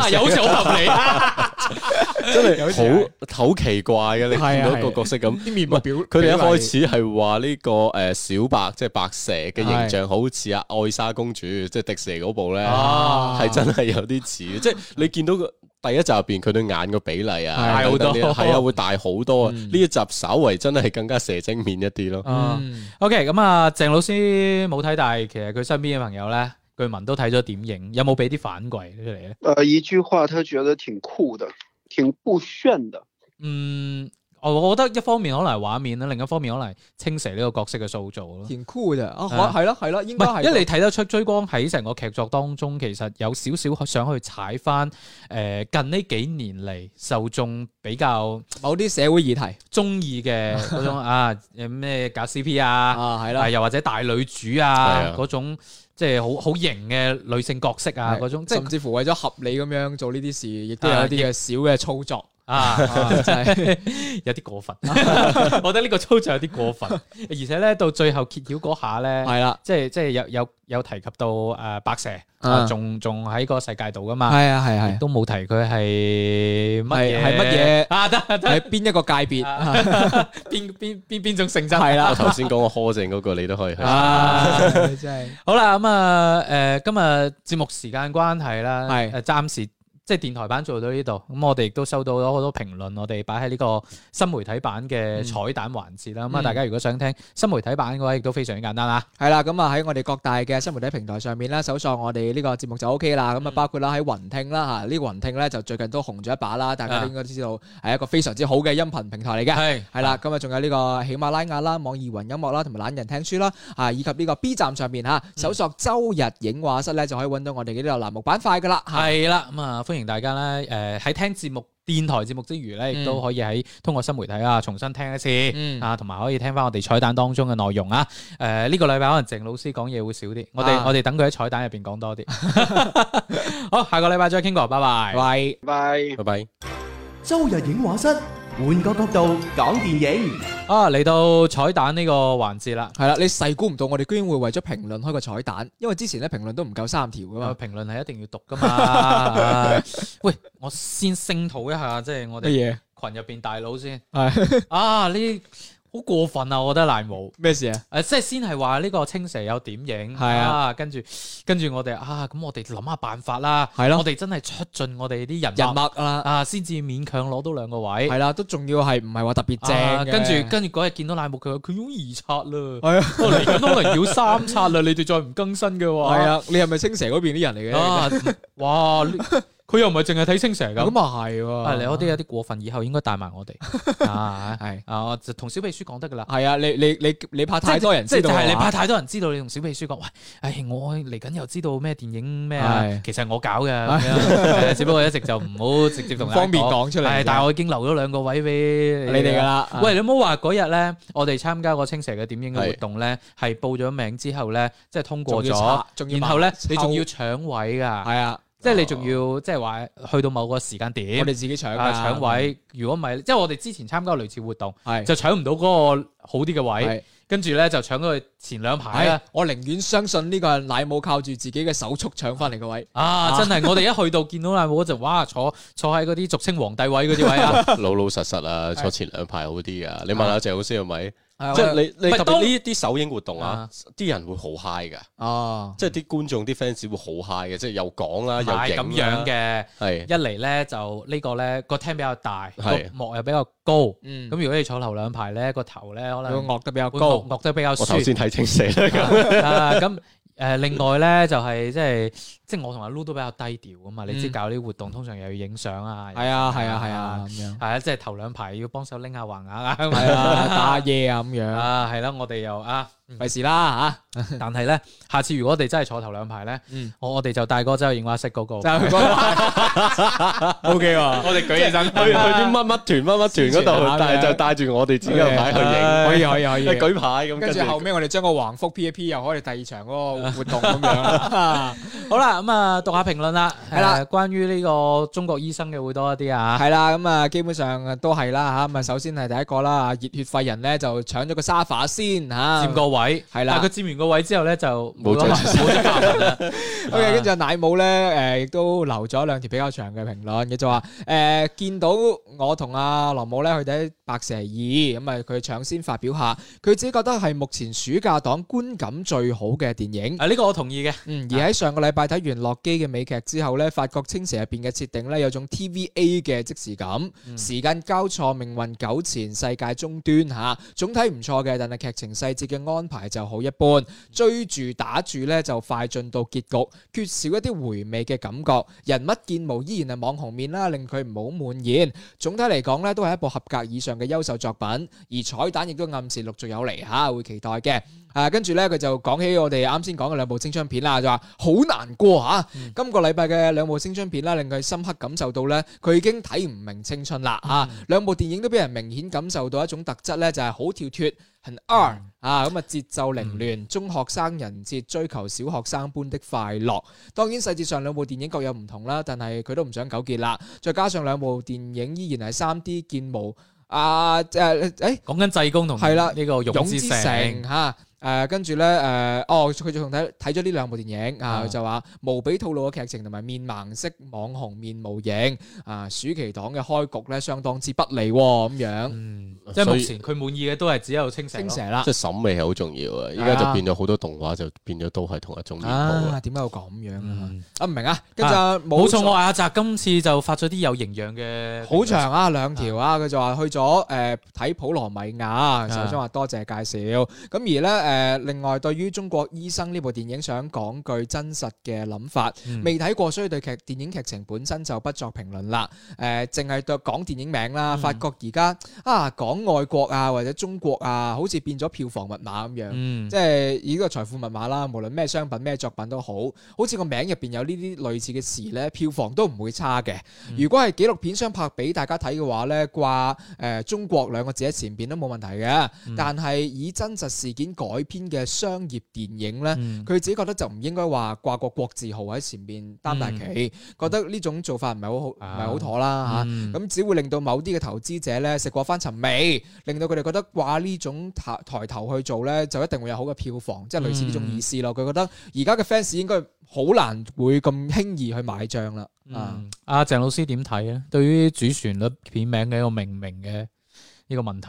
有酒冧你啊！ 真係有好好奇怪嘅，你見到一個角色咁啲面部表，佢哋一開始係話呢個誒，小白即係白蛇嘅形象，好似阿艾莎公主，即係迪士尼嗰部咧，係真係有啲似。即係你見到個第一集入邊佢對眼個比例啊，係好多係啊，會大好多啊。呢一集稍為真係更加蛇精面一啲咯。OK 咁啊，鄭老師冇睇，但係其實佢身邊嘅朋友咧，據聞都睇咗點影，有冇俾啲反饋出嚟咧？呃，一句話，他覺得挺酷的。挺酷炫的，嗯，我我覺得一方面可能係畫面啦，另一方面可能係青蛇呢個角色嘅塑造咯。酷嘅，啊，係咯係咯，應該係，因為你睇得出追光喺成個劇作當中，其實有少少想去踩翻，誒、呃，近呢幾年嚟受眾比較某啲社會議題中意嘅嗰種 啊，咩搞 CP 啊，係啦、 啊，又、啊、或者大女主啊嗰種。跳舞即係好好型嘅女性角色啊，嗰是種，即是甚至乎為咗合理咁樣做呢啲事，亦都、啊、有一啲嘅小嘅操作。啊，真係有啲過分，我覺得呢個操作有啲過分，而且咧到最後揭曉嗰下咧，係啦，即係即係有有有提及到誒白蛇仲仲喺個世界度噶嘛，係啊係啊，都冇提佢係乜嘢係乜嘢啊，得係邊一個界別，邊邊邊邊種性質係啦，我頭先講個柯正嗰個你都可以啊，真係好啦，咁啊誒今日節目時間關係啦，係暫時。即係電台版做到呢度，咁我哋亦都收到咗好多評論，我哋擺喺呢個新媒體版嘅彩蛋環節啦。咁啊、嗯，大家如果想聽新媒體版嘅話，亦都非常之簡單啊。係啦、嗯，咁啊喺我哋各大嘅新媒體平台上面啦，搜索我哋呢個節目就 O K 啦。咁、嗯、啊，包括啦喺雲聽啦嚇，呢個雲聽咧就最近都紅咗一把啦。大家應該都知道係一個非常之好嘅音頻平台嚟嘅。係係啦，咁啊仲有呢個喜馬拉雅啦、網易雲音樂啦、同埋懶人聽書啦，啊以及呢個 B 站上面嚇，搜、啊、索周日映畫室咧就可以揾到我哋嘅呢個欄目板塊噶啦。係啦，咁啊。嗯歡迎大家咧，誒喺聽節目電台節目之餘咧，亦都可以喺通過新媒體啊，重新聽一次啊，同埋、嗯、可以聽翻我哋彩蛋當中嘅內容、呃這個、啊。誒，呢個禮拜可能鄭老師講嘢會少啲，我哋我哋等佢喺彩蛋入邊講多啲。啊、 好，下個禮拜再傾過，拜拜，喂，拜拜，拜拜。周日影畫室。換個角度講電影啊，嚟到彩蛋呢個環節啦，係啦，你細估唔到我哋居然會為咗評論開個彩蛋，因為之前咧評論都唔夠三條噶嘛，評論係一定要讀噶嘛。 喂，我先聲討一下，即係我哋群入邊大佬先。係麼 啊，呢。好過分啊！我覺得賴冇咩事啊？誒、呃，即係先係話呢個青蛇有點影，係啊，啊，跟住跟住我哋啊，咁我哋諗下辦法啦，係咯、啊，我哋真係出盡我哋啲人脈人脈啦，啊，先至勉強攞到兩個位，係啦、啊，都仲要係唔係話特別正、啊？跟住跟住嗰日見到賴冇佢，佢已經二刷嘞，係啊，嚟緊可能要三刷嘞，你哋再唔更新嘅話，啊，你係咪青蛇嗰邊啲人嚟嘅、啊？哇！ 佢又唔係淨係睇青蛇咁，咁啊係，你嗰啲有啲過分，以後應該帶埋我哋，係啊，就同小秘書講得噶啦。係啊，你你你你怕太多人，即係你怕太多人知道你同小秘書講，喂，唉，我嚟緊又知道咩電影咩？其實我搞嘅，只不過一直就唔好直接同你方便講出嚟。但係我已經留咗兩個位俾你哋噶啦。喂，你唔好話嗰日咧，我哋參加個青蛇嘅點映嘅活動咧，係報咗名之後咧，即係通過咗，然後咧你仲要搶位噶，係啊。即係你仲要即係話去到某個時間點，我哋自己搶啊搶位。如果唔係，即係我哋之前參加類似活動，就搶唔到嗰個好啲嘅位。跟住咧就搶到去前兩排啊！我寧願相信呢個奶母靠住自己嘅手速搶翻嚟嘅位啊！真係，我哋一去到見到奶母就哇，坐坐喺嗰啲俗稱皇帝位嗰啲位啊，老老實實啊，坐前兩排好啲啊！你問下謝老師係咪？即係你，你特別呢啲首映活動啊，啲人會好 high 嘅，哦、啊，即係啲觀眾、啲 fans、嗯、會好 high 嘅，即係又講啦，又影咁樣嘅，係一嚟咧就個呢個咧個廳比較大，個幕又比較高，咁是如果你坐頭兩排咧個頭咧可能個臥得比較高，臥得比較，我頭先睇清死啦，咁、 啊。誒另外咧就係即係即係我同阿 Lu 都比較低調㗎嘛，你知搞啲活動通常又要影相啊，係啊係啊係啊咁樣，係啊即係頭兩排要幫手拎下橫額啊，打嘢啊咁樣啊係啦，我哋又啊費事啦嚇，但係咧下次如果我哋真係坐頭兩排咧，我我哋就帶個走去影畫室嗰個，O K 喎，我哋舉起身去啲乜乜團乜乜團嗰度，但係就帶住我哋自己個牌去影，可以可以可以，舉牌咁，跟住後尾我哋將個橫幅 P A P 又開第二場嗰個。活動咁樣好啦，咁、嗯、啊讀下評論啦，係啦，關於呢個中國醫生嘅會多一啲啊，係啦，咁、嗯、啊基本上都係啦吓，咁啊首先係第一個啦，熱血廢人咧就搶咗個沙發先吓，佔、啊、個位係啦，佢佔完個位之後咧就冇咗，OK，跟住奶母咧，誒、呃、亦都留咗兩條比較長嘅評論，嘅就話誒、呃、見到我同阿羅母咧去睇白蛇二，咁啊佢搶先發表下，佢自己覺得係目前暑假檔觀感最好嘅電影。 啊！呢、這個我同意嘅。嗯，而喺上個禮拜睇完《洛基》嘅美劇之後咧，發覺《青蛇》入邊嘅設定咧有種 TVA 嘅即時感，嗯、時間交錯、命運糾纏、世界終端吓、啊，總體唔錯嘅。但係劇情細節嘅安排就好一般，嗯、追住打住咧就快進到結局，缺少一啲回味嘅感覺。人物建模依然係網紅面啦，令佢唔好滿意。總體嚟講咧，都係一部合格以上嘅優秀作品。而彩蛋亦都暗示陸續有嚟吓、啊，會期待嘅。啊，跟住呢，佢就講起我哋啱先講嘅兩部青春片啦，就話好難過嚇。啊嗯、今個禮拜嘅兩部青春片啦，令佢深刻感受到呢，佢已經睇唔明青春啦嚇、嗯啊。兩部電影都俾人明顯感受到一種特質呢，就係、是、好跳脱、很 R、嗯、啊，咁啊節奏凌亂，嗯、中學生人設追求小學生般的快樂。當然細節上兩部電影各有唔同啦，但係佢都唔想糾結啦。再加上兩部電影依然係三 D 建模，啊誒，啊啊哎、講緊的《濟公》同係啦呢個《勇之城》。誒跟住咧，誒哦，佢仲睇睇咗呢兩部電影啊，就話無比套路嘅劇情同埋面盲式網紅面模型啊，暑期檔嘅開局咧相當之不利喎，咁樣，即係目前佢滿意嘅都係只有青蛇，青蛇啦，即係審美係好重要啊，依家就變咗好多動畫就變咗都係同一種面貌啊，點解會咁樣啊？唔明啊。跟住冇錯，我阿澤今次就發咗啲有營養嘅，好長啊兩條啊，佢就話去咗誒睇《普羅米亞》，就想話多謝介紹，咁而咧誒。誒，另外對於《中國醫生》呢部電影，想講句真實嘅諗法，未睇、嗯、過，所以對劇電影劇情本身就不作評論啦。誒、呃，淨係對講電影名啦，嗯、發覺而家啊講外國啊或者中國啊，好似變咗票房密碼咁樣，嗯、即係以呢個財富密碼啦，無論咩商品咩作品都好，好似個名入邊有呢啲類似嘅詞咧，票房都唔會差嘅。嗯、如果係紀錄片相拍俾大家睇嘅話呢掛誒、呃、中國兩個字喺前邊都冇問題嘅，嗯、但係以真實事件改。改編嘅商業電影咧，佢、嗯、自己覺得就唔應該話掛個國字號喺前面擔大旗，嗯、覺得呢種做法唔係好好，唔係好妥啦吓，咁只會令到某啲嘅投資者咧食過翻層尋味，令到佢哋覺得掛呢種抬抬頭去做咧，就一定會有好嘅票房，即係、嗯、類似呢種意思咯。佢覺得而家嘅 fans 應該好難會咁輕易去買賬啦。啊，阿鄭、嗯啊、老師點睇咧？對於主旋律片名嘅一個命名嘅呢個問題？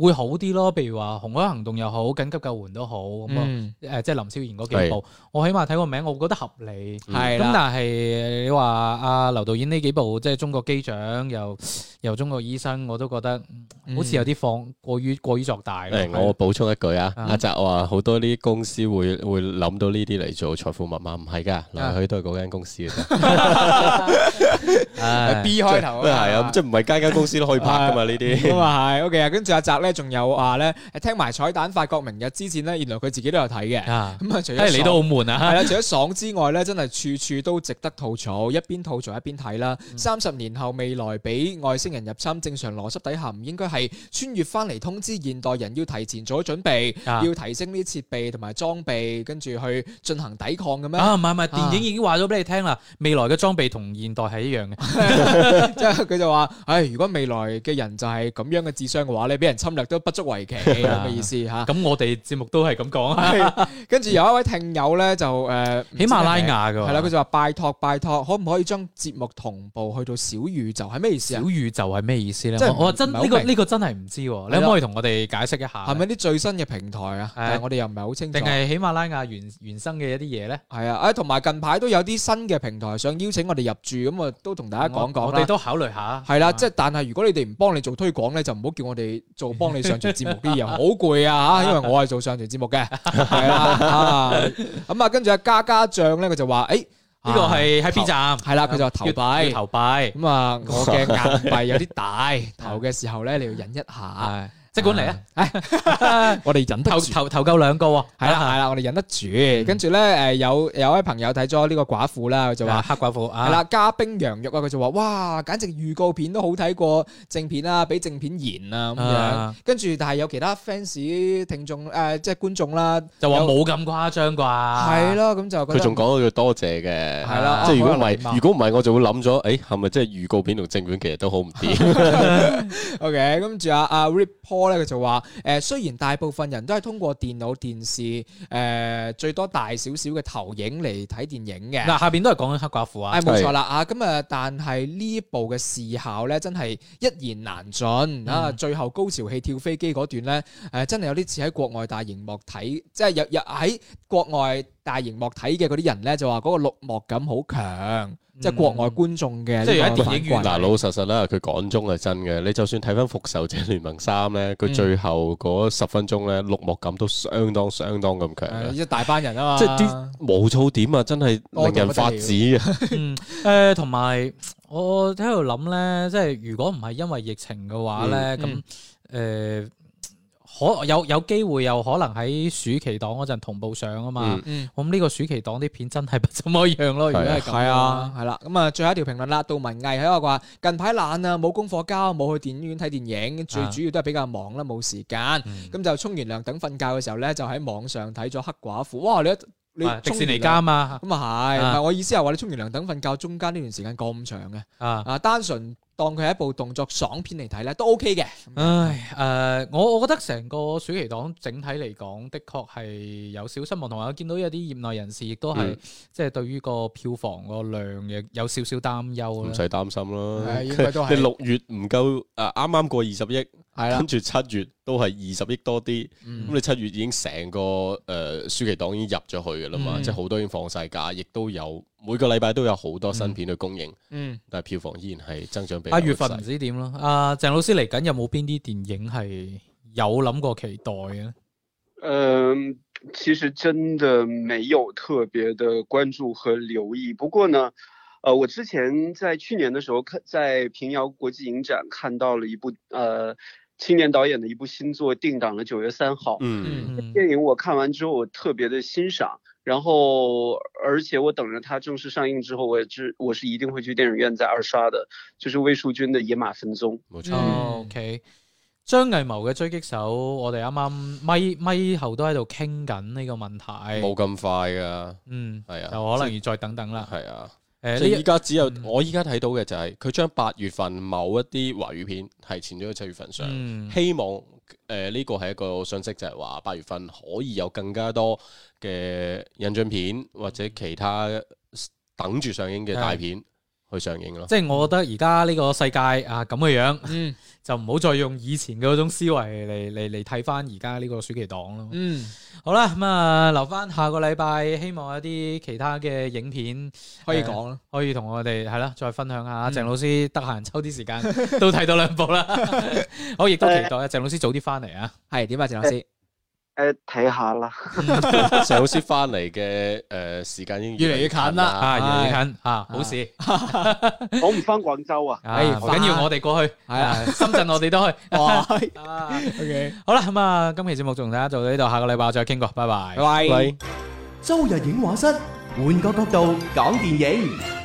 會好啲咯，譬如話紅海行動又好，緊急救援都好咁啊，誒、嗯呃，即係林超賢嗰幾部，是我起碼睇個名，我覺得合理。係咁、嗯，但係你話阿、啊、劉導演呢幾部，即係中國機長又，又中國醫生，我都覺得好似有啲放過於、嗯、過於過於作大。欸、是我補充一句啊，阿澤話好多呢啲公司會會諗到呢啲嚟做財富密碼，唔係㗎，來去都係嗰間公司。 B 開頭啊，即係唔係間間公司都可以拍噶嘛？呢啲咁啊係，OK 啊。 嗯、okay 跟住阿澤咧，仲有話、啊、咧，聽埋彩蛋發覺《明日之戰》咧，原來佢自己都有睇嘅。咁啊，除咗你都好悶啊，係啦，除咗爽之外咧，真係處處都值得吐槽，一邊吐槽一邊睇啦。三十年後未來俾外星人入侵，正常邏輯底下唔應該係穿越翻嚟通知現代人要提前做咗準備， 要提升啲設備同埋裝備，跟住去進行抵抗咁咩？ 啊，唔係唔係，電影已經話咗俾你聽啦，嗯、未來嘅裝備同現代係一樣。即係佢就話，唉，如果未來嘅人就係咁樣嘅智商嘅話，你俾人侵略都不足為奇，咁嘅意思吓。咁我哋節目都係咁講。跟住有一位聽友呢，就誒，喜馬拉雅嘅係啦，佢就話拜託拜託，可唔可以將節目同步去到小宇宙？係咩意思啊？小宇宙係咩意思咧？即係我真呢個呢個真係唔知，你可唔可以同我哋解釋一下？係咪啲最新嘅平台啊？我哋又唔係好清楚。定係喜馬拉雅原原生嘅一啲嘢呢？係啊，同埋近排都有啲新嘅平台想邀請我哋入駐，咁啊。都同大家講講啦，我哋都考慮下，係啦，即係但係如果你哋唔幫你做推廣咧，就唔好叫我哋做幫你上傳節目啲嘢，好攰啊！吓，因為我係做上傳節目嘅，係啦，咁、嗯、啊，跟住阿加加醬咧，佢就話，誒，呢個係喺 B 站，係啦，佢就話投幣，投、嗯、幣，咁啊過，我嘅硬幣有啲大，投嘅 時候咧，你要忍一下。 即管嚟啊！我哋忍得頭頭頭夠兩個，係啦係啦，我哋忍得住。跟住咧，誒有有位朋友睇咗呢個寡婦啦，佢就話黑寡婦係啦加冰羊肉啊，佢就話哇簡直預告片都好睇過正片啦，比正片燃啊咁樣。跟住但係有其他 fans 聽眾誒，即係觀眾啦，就話冇咁誇張啩？係咯，咁就佢仲講咗句多謝嘅，係啦。即係如果唔係如果唔係，我就會諗咗誒，係咪即係預告片同正片其實都好唔掂？OK，跟住阿阿 report 哥佢就話誒、呃，雖然大部分人都係通過電腦、電視誒、呃、最多大少少嘅投影嚟睇電影嘅嗱、啊，下邊都係講緊黑寡婦啊，誒冇錯啦是啊，咁啊但係呢部嘅視效咧真係一言難盡、嗯、啊，最後高潮戲跳飛機嗰段咧誒、呃、真係有啲似喺國外大熒幕睇，即係有有喺國外。大屏幕睇嘅嗰啲人咧就話嗰個綠幕感好強，嗯、即係國外觀眾嘅。即係喺電影院，老老實實啦，佢講中係真嘅。你就算睇翻《復仇者聯盟三》咧，佢最後嗰十分鐘咧，綠、嗯、幕感都相當相當咁強。一、嗯、大班人啊嘛，即係啲武躁點啊，真係令人發指啊！誒、 嗯，同、呃、埋我我喺度諗咧，即係如果唔係因為疫情嘅話咧，咁誒。可有有機會又可能喺暑期檔嗰陣同步上啊嘛？咁呢個暑期檔啲片真係不怎麼樣咯，如果係咁。係啊，係啦。咁啊，最後一條評論啦，杜文毅喺度話：近排懶啊，冇功課交，冇去電影院睇電影，最主要都係比較忙啦，冇時間。咁就沖完涼等瞓覺嘅時候咧，就喺網上睇咗《黑寡婦》。哇！你你迪士尼加啊嘛？咁啊係。唔係我意思係話你沖完涼等瞓覺中間呢段時間咁長嘅啊？啊，單純。當佢係一部動作爽片嚟睇咧，都 OK 嘅。嗯、唉，誒、呃，我我覺得成個暑期檔整體嚟講，的確係有少失望同埋，我見到有啲業內人士亦都係即係對於個票房個量亦有少少擔憂。唔使擔心、嗯、應該都係你六月唔夠，誒啱啱過二十億，跟住七月。都係二十億多啲，咁你、嗯嗯、七月已經成個誒暑期檔已經入咗去嘅啦嘛，嗯、即係好多已經放晒假，亦都有每個禮拜都有好多新片去供應，嗯，但係票房依然係增長比較。八、啊、月份唔知點咯，阿、呃、鄭老師嚟緊有冇邊啲電影係有諗過期待嘅咧？嗯、呃，其實真的沒有特別的關注和留意，不過呢，誒、呃，我之前在去年嘅時候看在平遙國際影展看到了一部，誒、呃。青年導演的一部新作定檔了九月三號，嗯，電影我看完之後我特別的欣賞，然後而且我等着它正式上映之後，我也知我是一定會去電影院再二刷的，就是魏淑君的《野馬分鬃》。冇、嗯、錯，O K。Okay, 張藝謀嘅《追擊手》我們剛剛，我哋啱啱咪咪後都喺度傾緊呢個問題，冇咁快噶、啊，嗯，係啊、哎呀，就可能要再等等啦，係啊、so, 嗯。哎即係你而家只有我依家睇到嘅就係佢將八月份某一啲華語片提前咗去七月份上，希望誒呢個係一個信息，就係話八月份可以有更加多嘅印象片或者其他等住上映嘅大片、嗯。嗯去上映咯，即係我覺得而家呢個世界啊咁嘅樣，樣，嗯、就唔好再用以前嘅嗰種思維嚟嚟嚟睇翻而家呢個暑期檔咯。嗯，好啦，咁啊留翻下個禮拜，希望有啲其他嘅影片可以講，嗯、可以同我哋係啦，再分享下鄭老師，得閒抽啲時間都睇到兩部啦。好，亦都期待啊鄭老師早啲翻嚟啊。係點啊，鄭老師？誒，睇下啦。謝老師翻嚟嘅誒時間已經越嚟越近啦，越嚟越近啊，冇事。我唔翻廣州啊，唔緊要，我哋過去。係啊，深圳我哋都去。哇，OK，好啦，咁啊，今期節目就同大家做到呢度，下個禮拜我再傾過，拜拜。拜拜。周日影畫室，換個角度講電影。